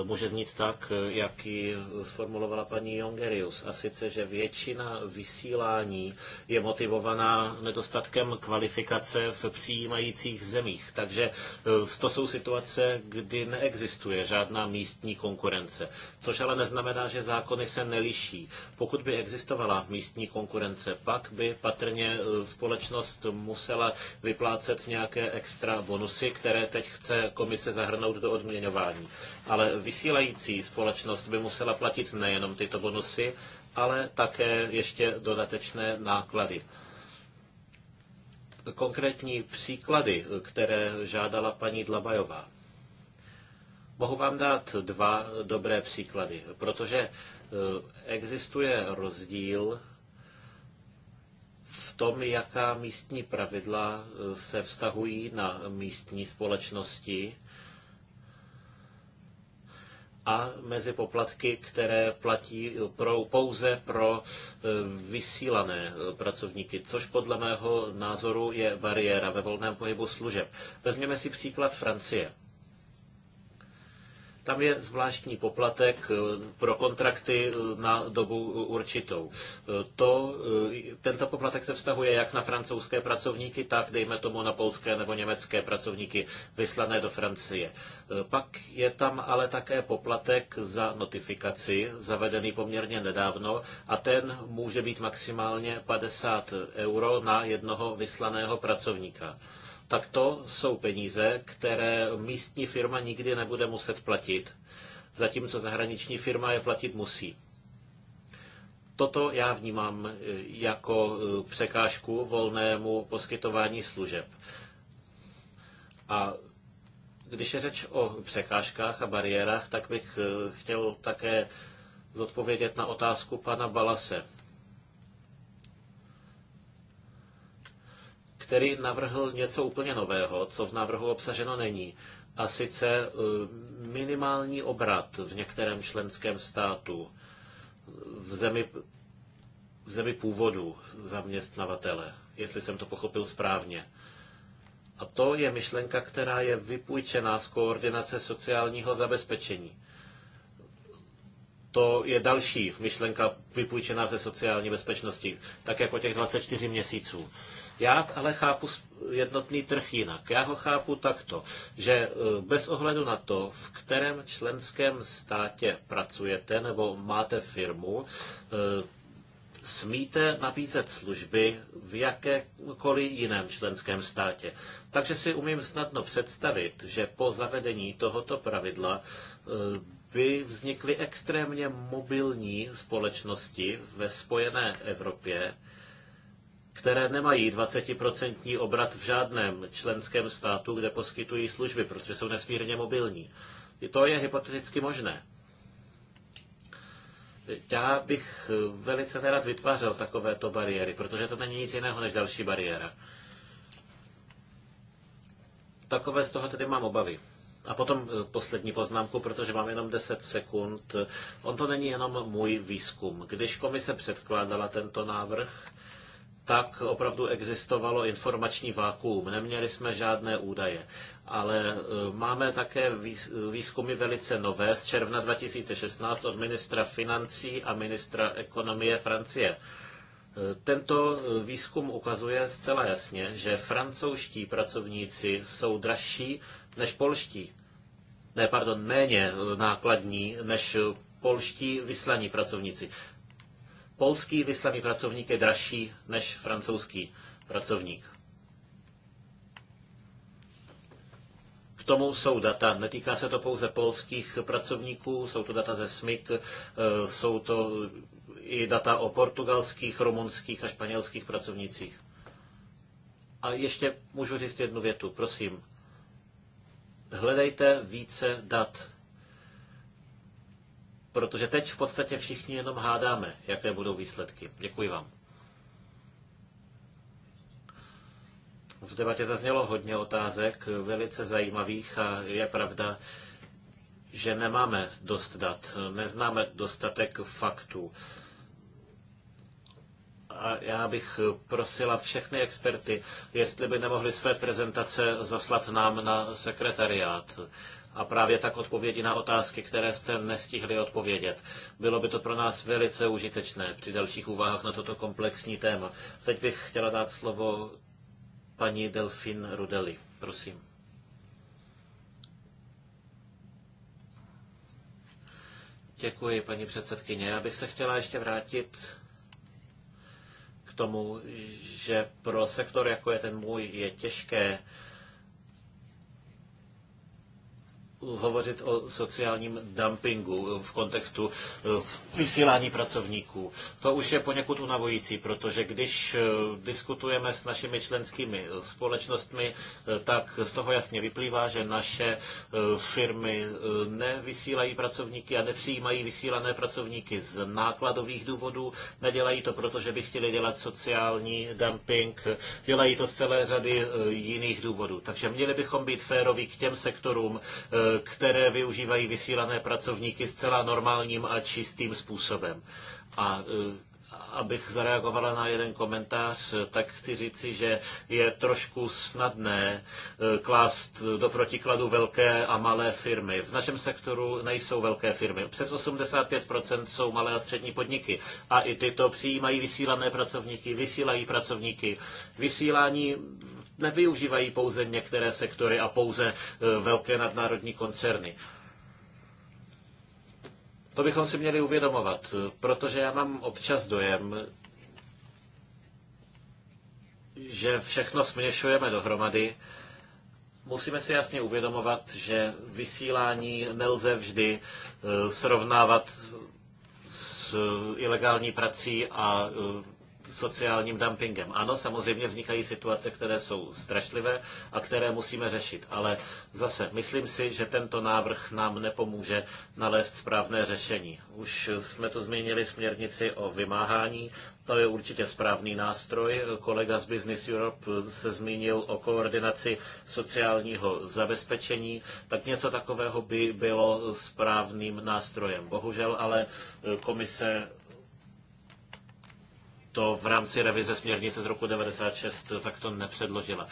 Eh, může znít tak, eh, jak ji sformulovala paní Jongerius. A sice, že většina vysílání je motivovaná nedostatkem kvalifikace v přijímajících zemích. Takže eh, to jsou situace, kdy neexistuje žádná místní konkurence. Což ale neznamená, že zákony se neliší. Pokud by existovala místní konkurence, pak by patrně společnost musela vyplácet nějaké extra bonusy, které teď chce komise zahrnout do odměňování. Ale vysílající společnost by musela platit nejenom tyto bonusy, ale také ještě dodatečné náklady. Konkrétní příklady, které žádala paní Dlabajová. Mohu vám dát dva dobré příklady, protože eh, existuje rozdíl v tom, jaká místní pravidla eh, se vztahují na místní společnosti a mezi poplatky, které platí pro, pouze pro e, vysílané e, pracovníky, což podle mého názoru je bariéra ve volném pohybu služeb. Vezměme si příklad Francie. Tam je zvláštní poplatek eh, pro kontrakty eh, na dobu eh, určitou. To, tento poplatek se vztahuje jak na francouzské pracovníky, tak dejme tomu na polské nebo německé pracovníky vyslané do Francie. Pak je tam ale také poplatek za notifikaci, zavedený poměrně nedávno, a ten může být maximálně 50 euro na jednoho vyslaného pracovníka tak to jsou peníze, které místní firma nikdy nebude muset platit, zatímco zahraniční firma je platit musí. Toto já vnímám e, jako e, překážku volnému poskytování služeb. A když je řeč o překážkách a bariérách, tak bych e, chtěl také zodpovědět na otázku pana Balase který navrhl něco úplně nového, co v návrhu obsaženo není, a sice eh, minimální obrat v některém členském státu v zemi, v zemi původu zaměstnavatele, jestli jsem to pochopil správně. A to je myšlenka, která je vypůjčená z koordinace sociálního zabezpečení. To je další myšlenka vypůjčená ze sociální bezpečnosti, tak jako těch 24 měsíců. Já ale chápu jednotný trh jinak. Já ho chápu takto, že e, bez ohledu na to, v kterém členském státě pracujete nebo máte firmu, e, smíte nabízet služby v jakékoliv jiném členském státě. Takže si umím snadno představit, že po zavedení tohoto pravidla e, by vznikly extrémně mobilní společnosti ve spojené Evropě, které nemají 20% obrat v žádném členském státu, kde poskytují služby, protože jsou nesmírně mobilní. I to je hypoteticky možné. Já bych eh, velice nerad vytvářel takovéto bariéry, protože to není nic jiného než další bariéra. Takové z toho tedy mám obavy. A potom eh, poslední poznámku, protože mám jenom 10 sekund. On to není jenom můj výzkum. Když komise předkládala tento návrh, tak opravdu existovalo informační vákuum. Neměli jsme žádné údaje. Ale e, máme také výzkumy velice nové z června 2016 od ministra financí a ministra ekonomie Francie. E, tento e, výzkum ukazuje zcela jasně, že francouzští pracovníci jsou dražší než polští. Ne, pardon, méně nákladní než polští vyslaní pracovníci polský vyslaný pracovník je dražší než francouzský pracovník. K tomu jsou data. Netýká se to pouze polských pracovníků, jsou to data ze SMIC, eh, jsou to i data o portugalských, rumunských a španělských pracovnících. A ještě můžu říct jednu větu, prosím. Hledejte více dat protože teď v podstatě všichni jenom hádáme, jaké budou výsledky. Děkuji vám. V debatě zaznělo hodně otázek, velice zajímavých a je pravda, že nemáme dost dat, neznáme dostatek faktů. A já bych prosila všechny experty, jestli by nemohli své prezentace zaslat nám na sekretariát a právě tak odpovědi na otázky, které jste nestihli odpovědět. Bylo by to pro nás velice užitečné při dalších úvahách na toto komplexní téma. Teď bych chtěla dát slovo paní Delfin Rudeli. Prosím. Děkuji, paní předsedkyně. Já bych se chtěla ještě vrátit k tomu, že pro sektor, jako je ten můj, je těžké hovořit o sociálním dumpingu v kontextu eh, vysílání pracovníků. To už je poněkud unavující, protože když eh, diskutujeme s našimi členskými eh, společnostmi, tak z toho jasně vyplývá, že naše firmy nevysílají pracovníky a nepřijímají vysílané pracovníky z nákladových důvodů. Nedělají to, protože by chtěli dělat sociální dumping. Dělají to z celé řady jiných důvodů. Takže měli bychom být féroví k těm sektorům, které využívají vysílané pracovníky zcela normálním a čistým způsobem. A eh, abych zareagovala na jeden komentář, tak chci říci, že je trošku snadné eh, klást do protikladu velké a malé firmy. V našem sektoru nejsou velké firmy. Přes 85% jsou malé a střední podniky. A i tyto přijímají vysílané pracovníky, vysílají pracovníky. Vysílání nevyužívají pouze některé sektory a pouze e, velké nadnárodní koncerny. To bychom si měli uvědomovat, e, protože já mám občas dojem, že všechno směšujeme dohromady. Musíme si jasně uvědomovat, že vysílání nelze vždy e, srovnávat s ilegální prací a sociálním dumpingem. Ano, samozřejmě vznikají situace, které jsou strašlivé a které musíme řešit, ale zase myslím si, že tento návrh nám nepomůže nalézt správné řešení. Už jsme tu změnili směrnici o vymáhání, to je určitě správný nástroj. Kolega z Business Europe se zmínil o koordinaci sociálního zabezpečení, tak něco takového by bylo správným nástrojem. Bohužel ale komise to v rámci revize směrnice z roku 96 takto nepředložila.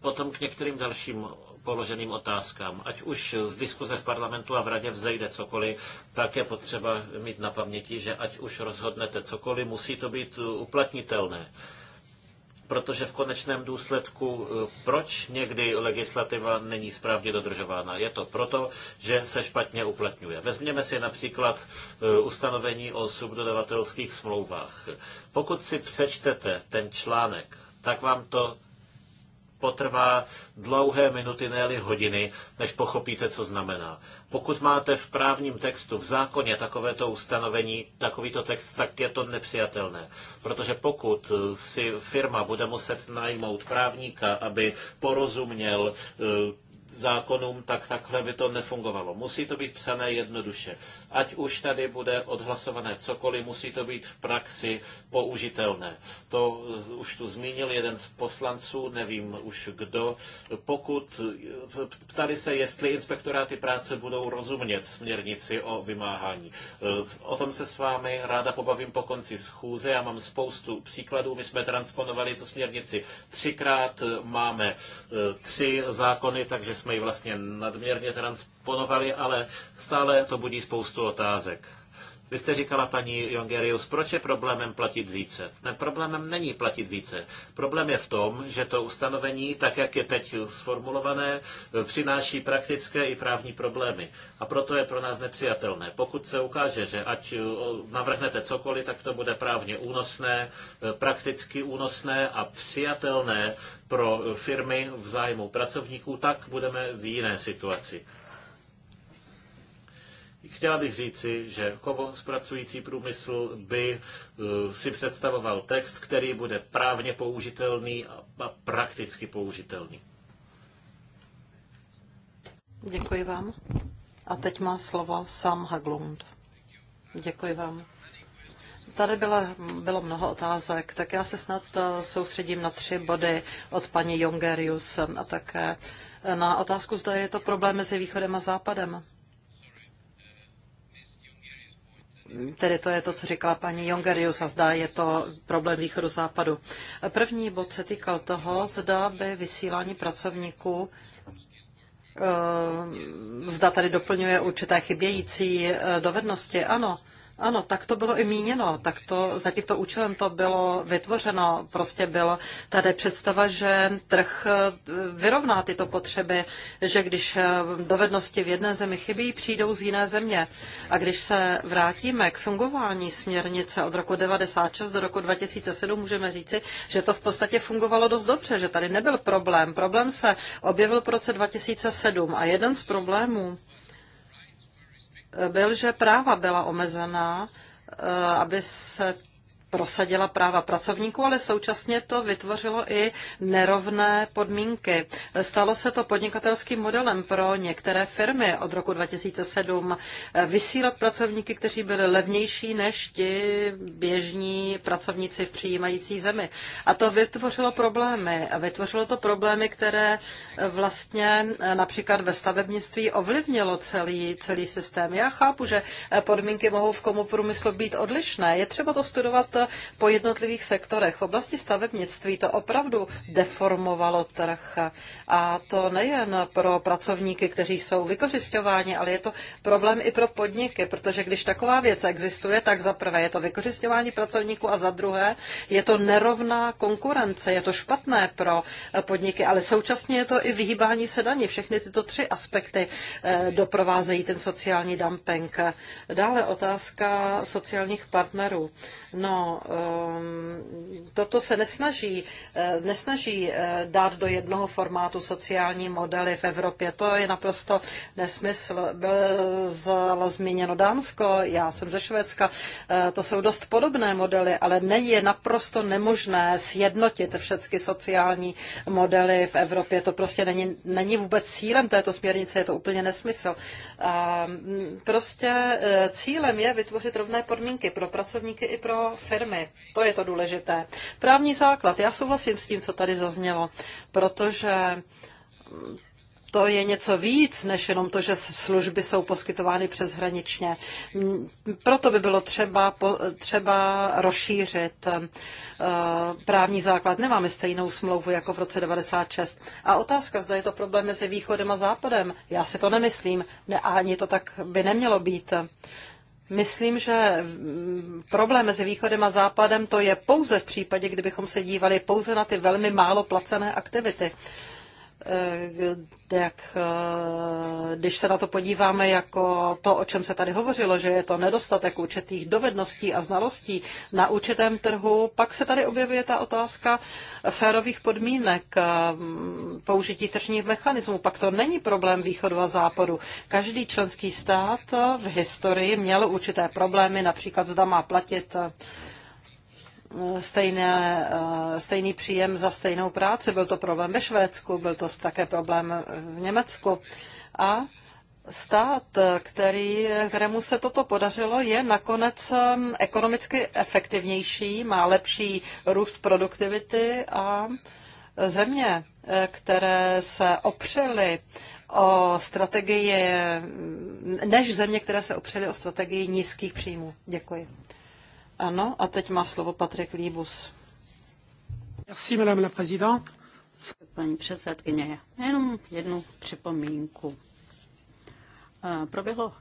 Potom k některým dalším položeným otázkám. Ať už z diskuze v parlamentu a v radě vzejde cokoliv, tak je potřeba mít na paměti, že ať už rozhodnete cokoliv, musí to být uplatnitelné. Uh, protože v konečném důsledku, eh, proč někdy legislativa není správně dodržována? Je to proto, že se špatně uplatňuje. Vezměme si například eh, ustanovení o subdodavatelských smlouvách. Pokud si přečtete ten článek, tak vám to potrvá dlouhé minuty, ne hodiny, než pochopíte, co znamená. Pokud máte v právním textu, v zákoně takovéto ustanovení, takovýto text, tak je to nepřijatelné. Protože pokud si firma bude muset najmout právníka, aby porozuměl e, zákonům, tak takhle by to nefungovalo. Musí to být psané jednoduše ať už tady bude odhlasované cokoliv, musí to být v praxi použitelné. To eh, už tu zmínil jeden z poslanců, nevím už kdo. Pokud eh, ptali se, jestli inspektoráty práce budou rozumět směrnici o vymáhání. Eh, o tom se s vámi ráda pobavím po konci schůze. Já mám spoustu příkladů. My jsme transponovali tu směrnici třikrát, máme tři zákony, takže jsme ji vlastně nadměrně transponovali, ale stále to budí spoustu otázek. Vy jste říkala, paní Jongerius, proč je problémem platit více? Ne, problémem není platit více. Problém je v tom, že to ustanovení, tak jak je teď sformulované, přináší praktické i právní problémy. A proto je pro nás nepřijatelné. Pokud se ukáže, že ať eh, navrhnete cokoliv, tak to bude právně únosné, eh, prakticky únosné a přijatelné pro firmy v zájmu pracovníků, tak budeme v jiné situaci. Chtěla bych říci, že zpracující průmysl by eh, si představoval text, který bude právně použitelný a prakticky použitelný. Děkuji vám. A teď má slovo Sam Haglund. Děkuji vám. Tady bylo, bylo mnoho otázek, tak já se snad eh, soustředím na tři body od paní Jongerius a také na otázku, zda je to problém mezi východem a západem. tedy to je to, co říkala paní Jongerius a zdá je to problém východu západu. První bod se týkal toho, zda by vysílání pracovníků eh, zda tady doplňuje určité chybějící eh, dovednosti. Ano, ano, tak to bylo i míněno, tak to za tímto účelem to bylo vytvořeno. Prostě byla tady představa, že trh eh, vyrovná tyto potřeby, že když eh, dovednosti v jedné zemi chybí, přijdou z jiné země. A když se vrátíme k fungování směrnice od roku 96 do roku 2007, můžeme říci, že to v podstatě fungovalo dost dobře, že tady nebyl problém. Problém se objevil v roce 2007 a jeden z problémů byl, že práva byla omezená, eh, aby se prosadila práva pracovníků, ale současně to vytvořilo i nerovné podmínky. Stalo se to podnikatelským modelem pro některé firmy od roku 2007 vysílat pracovníky, kteří byli levnější než ti běžní pracovníci v přijímající zemi. A to vytvořilo problémy. A vytvořilo to problémy, které vlastně například ve stavebnictví ovlivnilo celý, celý systém. Já chápu, že podmínky mohou v komu průmyslu být odlišné. Je třeba to studovat po jednotlivých sektorech. V oblasti stavebnictví to opravdu deformovalo trh. A to nejen pro pracovníky, kteří jsou vykořišťováni, ale je to problém i pro podniky, protože když taková věc existuje, tak za prvé je to vykořišťování pracovníků a za druhé je to nerovná konkurence. Je to špatné pro podniky, ale současně je to i vyhýbání se daní. Všechny tyto tři aspekty eh, doprovázejí ten sociální dumping. Dále otázka sociálních partnerů. No, Ehm, toto se nesnaží, ehm, nesnaží ehm, dát do jednoho formátu sociální modely v Evropě. To je naprosto nesmysl. Bylo zmíněno Dánsko, já jsem ze Švédska. To jsou dost podobné modely, ale ne, je naprosto nemožné sjednotit všechny sociální modely v Evropě. To prostě není, není vůbec cílem této směrnice, je to úplně nesmysl. Prostě cílem je vytvořit rovné podmínky pro pracovníky i pro firmy firmy. To je to důležité. Právní základ. Já souhlasím s tím, co tady zaznělo, protože to je něco víc, než jenom to, že služby jsou poskytovány přeshraničně. Proto by bylo třeba, třeba rozšířit eh, právní základ. Nemáme stejnou smlouvu jako v roce 96. A otázka, zda je to problém mezi východem a západem. Já si to nemyslím. Ne, ani to tak by nemělo být. Myslím, že problém mezi východem a západem to je pouze v případě, kdybychom se dívali pouze na ty velmi málo placené aktivity. Eh, jak, eh, když se na to podíváme jako to, o čem se tady hovořilo, že je to nedostatek určitých dovedností a znalostí na určitém trhu, pak se tady objevuje ta otázka férových podmínek, eh, použití tržních mechanismů. Pak to není problém východu a západu. Každý členský stát v historii měl určité problémy, například zda má platit stejné, eh, stejný příjem za stejnou práci. Byl to problém ve Švédsku, byl to také problém v Německu. A stát, který, kterému se toto podařilo, je nakonec ekonomicky efektivnější, má lepší růst produktivity a země, eh, které se opřely o strategii, než země, které se opřely o strategii nízkých příjmů. Děkuji. Ano, a teď má slovo Patrik Líbus. Merci, madame la présidente. Paní předsedkyně, jenom jednu připomínku. Eh, proběhlo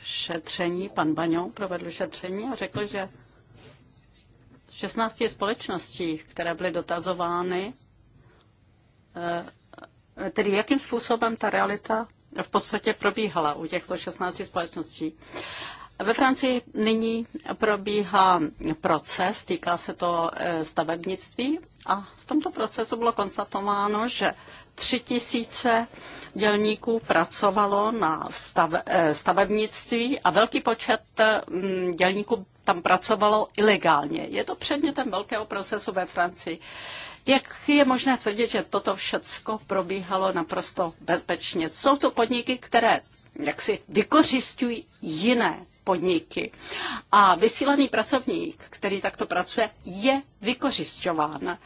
šetření, pan Baňou provedl šetření a řekl, že z 16 společností, které byly dotazovány, eh, tedy jakým způsobem ta realita v podstatě probíhala u těchto 16 společností. Ve Francii nyní probíhá proces, týká se to e, stavebnictví a v tomto procesu bylo konstatováno, že tři tisíce dělníků pracovalo na e, stavebnictví a velký počet e, dělníků tam pracovalo ilegálně. Je to předmětem velkého procesu ve Francii. Jak je možné tvrdit, že toto všecko probíhalo naprosto bezpečně? Jsou to podniky, které jak si jiné podniky. A vysílený pracovník, který takto pracuje, je vykořišťován,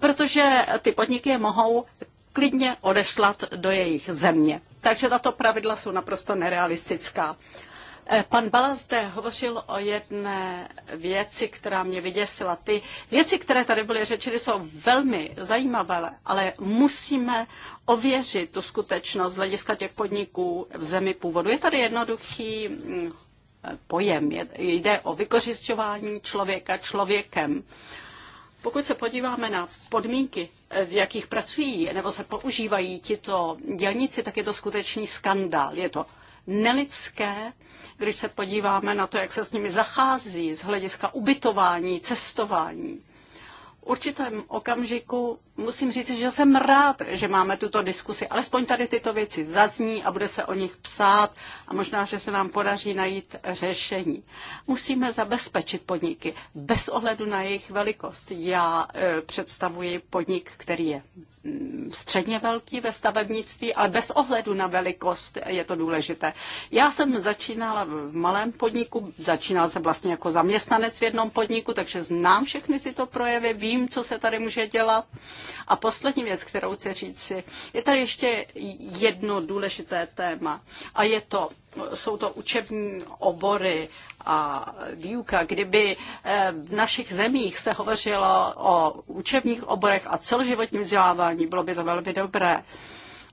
protože ty podniky je mohou klidně odeslat do jejich země. Takže tato pravidla jsou naprosto nerealistická. Eh, pan Bala zde hovořil o jedné věci, která mě vyděsila. Ty věci, které tady byly řečeny, jsou velmi zajímavé, ale musíme ověřit tu skutečnost z hlediska těch podniků v zemi původu. Je tady jednoduchý mm, pojem. Jde o vykořišťování člověka člověkem. Pokud se podíváme na podmínky, v jakých pracují nebo se používají tito dělníci, tak je to skutečný skandál. Je to nelidské, když se podíváme na to, jak se s nimi zachází z hlediska ubytování, cestování. V určitém okamžiku musím říct, že jsem rád, že máme tuto diskusi. Alespoň tady tyto věci zazní a bude se o nich psát a možná, že se nám podaří najít řešení. Musíme zabezpečit podniky bez ohledu na jejich velikost. Já e, představuji podnik, který je mm, středně velký ve stavebnictví, ale bez ohledu na velikost je to důležité. Já jsem začínala v malém podniku, začínala jsem vlastně jako zaměstnanec v jednom podniku, takže znám všechny tyto projevy, vím, co se tady může dělat. A poslední věc, kterou chci říci, je tady ještě jedno důležité téma a je to jsou to učební obory a výuka. Kdyby eh, v našich zemích se hovořilo o učebních oborech a celoživotním vzdělávání, bylo by to velmi dobré.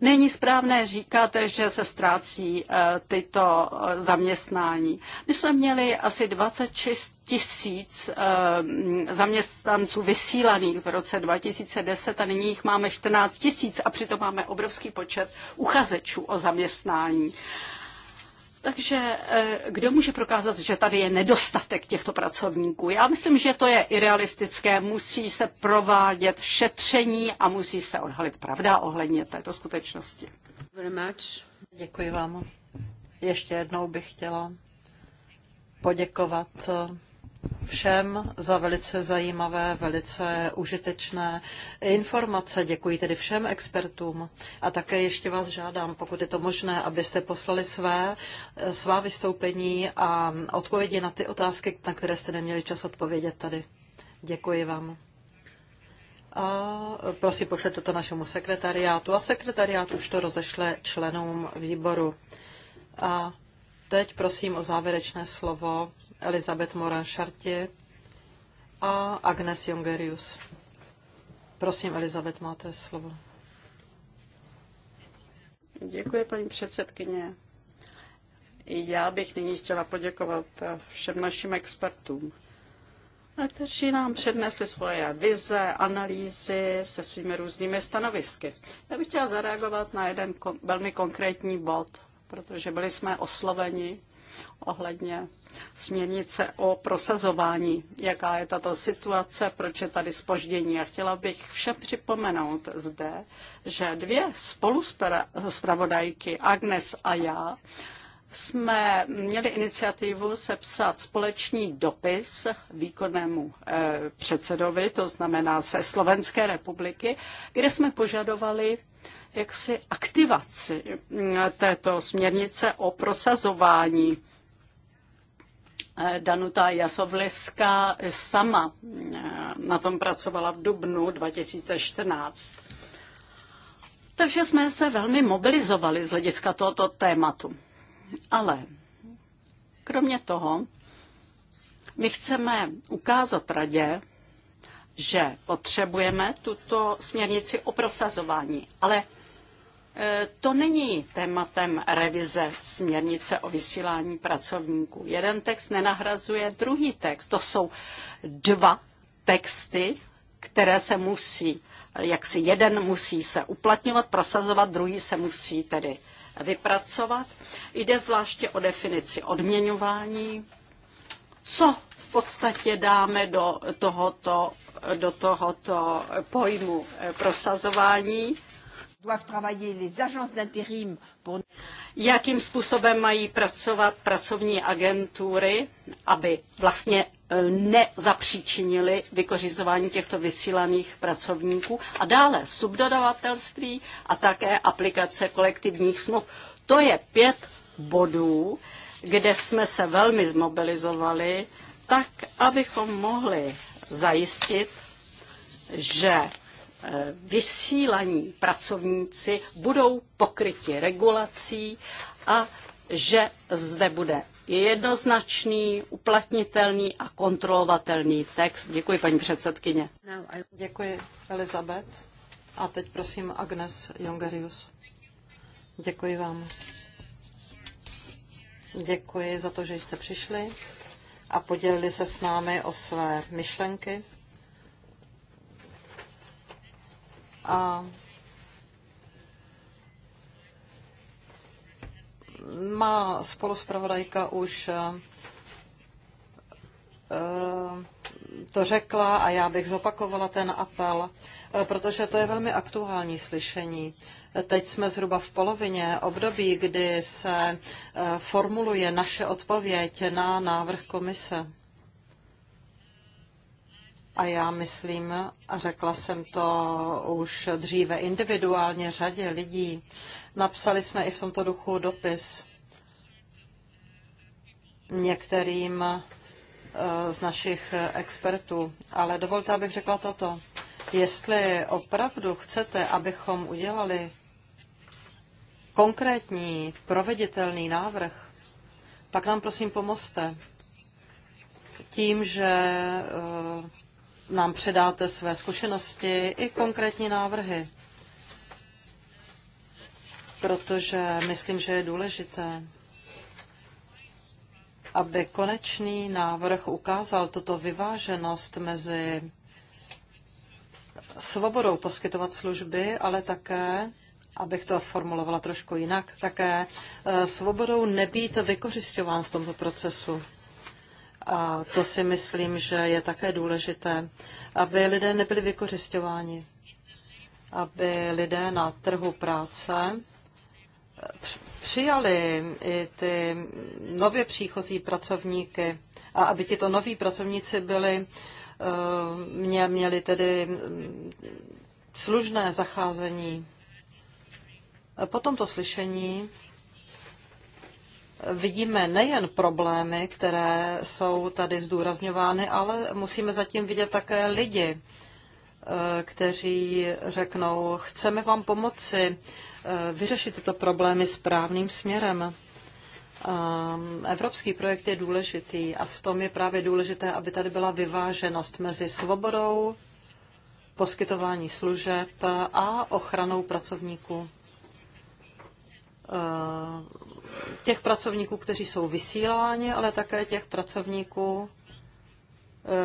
Není správné říkat, že se ztrácí eh, tyto eh, zaměstnání. My jsme měli asi 26 tisíc eh, zaměstnanců vysílaných v roce 2010 a nyní jich máme 14 tisíc a přitom máme obrovský počet uchazečů o zaměstnání. Takže eh, kdo může prokázat, že tady je nedostatek těchto pracovníků? Já myslím, že to je irealistické. Musí se provádět šetření a musí se odhalit pravda ohledně této skutečnosti. Děkuji vám. Ještě jednou bych chtěla poděkovat eh, všem za velice zajímavé, velice užitečné informace. Děkuji tedy všem expertům a také ještě vás žádám, pokud je to možné, abyste poslali své, svá vystoupení a odpovědi na ty otázky, na které jste neměli čas odpovědět tady. Děkuji vám. A prosím, pošlete to našemu sekretariátu a sekretariát už to rozešle členům výboru. A teď prosím o závěrečné slovo Elizabeth Moran Chartier a Agnes Jongerius. Prosím, Elizabeth, máte slovo. Děkuji, paní předsedkyně. Já bych nyní chtěla poděkovat všem našim expertům, kteří nám přednesli svoje vize, analýzy se svými různými stanovisky. Já bych chtěla zareagovat na jeden kon- velmi konkrétní bod, protože byli jsme osloveni ohledně směrnice o prosazování, jaká je tato situace, proč je tady spoždění. A chtěla bych všem připomenout zde, že dvě spoluspravodajky, Agnes a já, jsme měli iniciativu sepsat společný dopis výkonnému eh, předsedovi, to znamená se Slovenské republiky, kde jsme požadovali jaksi aktivaci mm, této směrnice o prosazování Danuta Jasovleska sama eh, na tom pracovala v dubnu 2014. Takže jsme se velmi mobilizovali z hlediska tohoto tématu. Ale kromě toho, my chceme ukázat radě, že potřebujeme tuto směrnici o prosazování, ale E, to není tématem revize směrnice o vysílání pracovníků. Jeden text nenahrazuje druhý text. To jsou dva texty, které se musí, jak si jeden musí se uplatňovat, prosazovat, druhý se musí tedy vypracovat. Jde zvláště o definici odměňování. Co v podstatě dáme do tohoto, do tohoto pojmu e, prosazování? Jakým způsobem mají pracovat pracovní agentury, aby vlastně e, nezapříčinili vykořizování těchto vysílaných pracovníků a dále subdodavatelství a také aplikace kolektivních smluv. To je pět bodů, kde jsme se velmi zmobilizovali, tak abychom mohli zajistit, že Eh, vysílaní pracovníci budou pokryti regulací a že zde bude jednoznačný, uplatnitelný a kontrolovatelný text. Děkuji, paní předsedkyně. Děkuji, Elizabet. A teď prosím Agnes Jongerius. Děkuji vám. Děkuji za to, že jste přišli a podělili se s námi o své myšlenky. A má spoluspravodajka už eh, eh, to řekla a já bych zopakovala ten apel, eh, protože to je velmi aktuální slyšení. Teď jsme zhruba v polovině období, kdy se formuluje naše odpověď na návrh komise a já myslím, a řekla jsem to už dříve individuálně řadě lidí, napsali jsme i v tomto duchu dopis některým eh, z našich expertů. Ale dovolte, abych řekla toto. Jestli opravdu chcete, abychom udělali konkrétní, proveditelný návrh, pak nám prosím pomozte tím, že eh, nám předáte své zkušenosti i konkrétní návrhy, protože myslím, že je důležité, aby konečný návrh ukázal tuto vyváženost mezi svobodou poskytovat služby, ale také abych to formulovala trošku jinak, také eh, svobodou nebýt vykořišťován v tomto procesu. A to si myslím, že je také důležité, aby lidé nebyli vykořišťováni, aby lidé na trhu práce přijali i ty nově příchozí pracovníky a aby tito noví pracovníci byli, eh, mě, měli tedy mm, služné zacházení. Po tomto slyšení vidíme nejen problémy, které jsou tady zdůrazňovány, ale musíme zatím vidět také lidi, eh, kteří řeknou, chceme vám pomoci eh, vyřešit tyto problémy správným směrem. Eh, evropský projekt je důležitý a v tom je právě důležité, aby tady byla vyváženost mezi svobodou, poskytování služeb a ochranou pracovníků těch pracovníků, kteří jsou vysíláni, ale také těch pracovníků,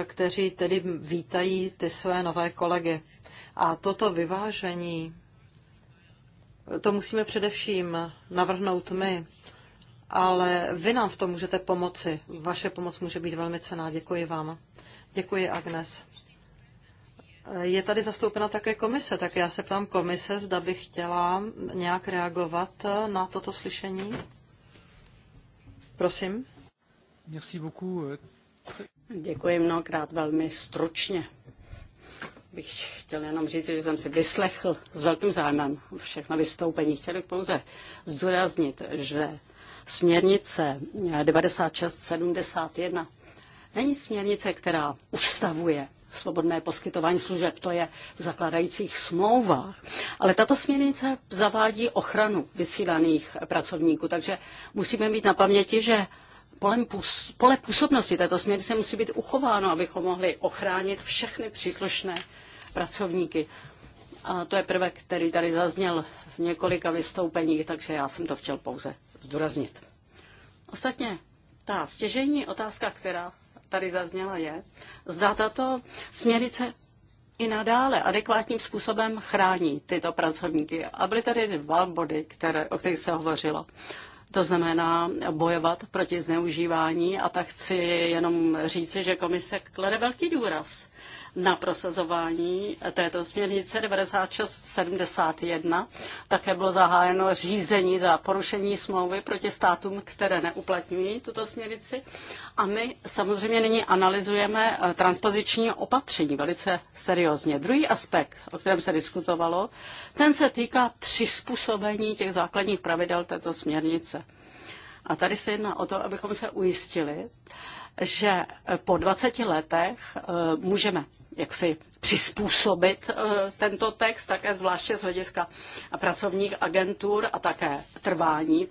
eh, kteří tedy vítají ty své nové kolegy. A toto vyvážení, eh, to musíme především navrhnout my, ale vy nám v tom můžete pomoci. Vaše pomoc může být velmi cená. Děkuji vám. Děkuji, Agnes. Eh, je tady zastoupena také komise, tak já se ptám komise, zda by chtěla nějak reagovat na toto slyšení. Prosím. Merci beaucoup. Děkuji mnohokrát velmi stručně. Bych chtěl jenom říct, že jsem si vyslechl s velkým zájmem všechna vystoupení. Chtěl bych pouze zdůraznit, že směrnice 9671 není směrnice, která ustavuje svobodné poskytování služeb, to je v zakladajících smlouvách. Ale tato směrnice zavádí ochranu vysílaných pracovníků, takže musíme mít na paměti, že pole působnosti této směrnice musí být uchováno, abychom mohli ochránit všechny příslušné pracovníky. A to je prvek, který tady zazněl v několika vystoupeních, takže já jsem to chtěl pouze zdůraznit. Ostatně ta stěžejní otázka, která tady zazněla, je, zda tato směrnice i nadále adekvátním způsobem chrání tyto pracovníky. A byly tady dva body, které, o kterých se hovořilo. To znamená bojovat proti zneužívání a tak chci jenom říci, že komise klade velký důraz na prosazování této směrnice 9671. Také bylo zahájeno řízení za porušení smlouvy proti státům, které neuplatňují tuto směrnici. A my samozřejmě nyní analyzujeme eh, transpoziční opatření velice seriózně. Druhý aspekt, o kterém se diskutovalo, ten se týká přizpůsobení těch základních pravidel této směrnice. A tady se jedná o to, abychom se ujistili, že po 20 letech eh, můžeme jak si přizpůsobit eh, tento text, také zvláště z hlediska pracovních agentur a také trvání,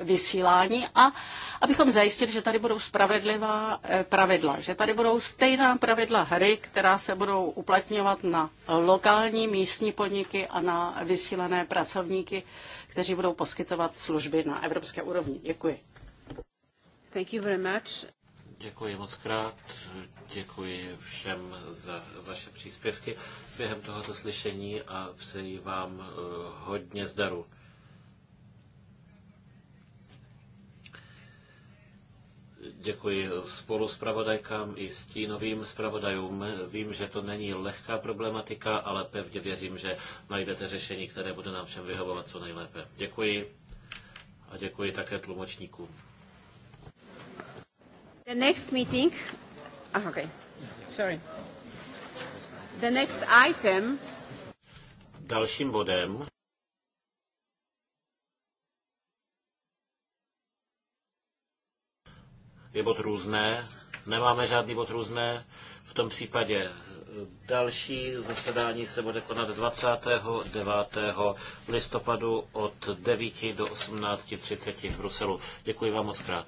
vysílání a abychom zajistili, že tady budou spravedlivá eh, pravidla, že tady budou stejná pravidla hry, která se budou uplatňovat na lokální místní podniky a na vysílané pracovníky, kteří budou poskytovat služby na evropské úrovni. Děkuji. Thank you very much. Děkuji moc krát, děkuji všem za vaše příspěvky během tohoto slyšení a přeji vám eh, hodně zdaru. Děkuji spolu zpravodajkám i stínovým zpravodajům. Vím, že to není lehká problematika, ale pevně věřím, že najdete řešení, které bude nám všem vyhovovat co nejlépe. Děkuji a děkuji také tlumočníkům. The next meeting... oh, okay. Sorry. The next item... Dalším bodem je bod různé. Nemáme žádný bod různé. V tom případě eh, další zasedání se bude konat 29. listopadu od 9 do 18.30 v Bruselu. Děkuji vám moc krát.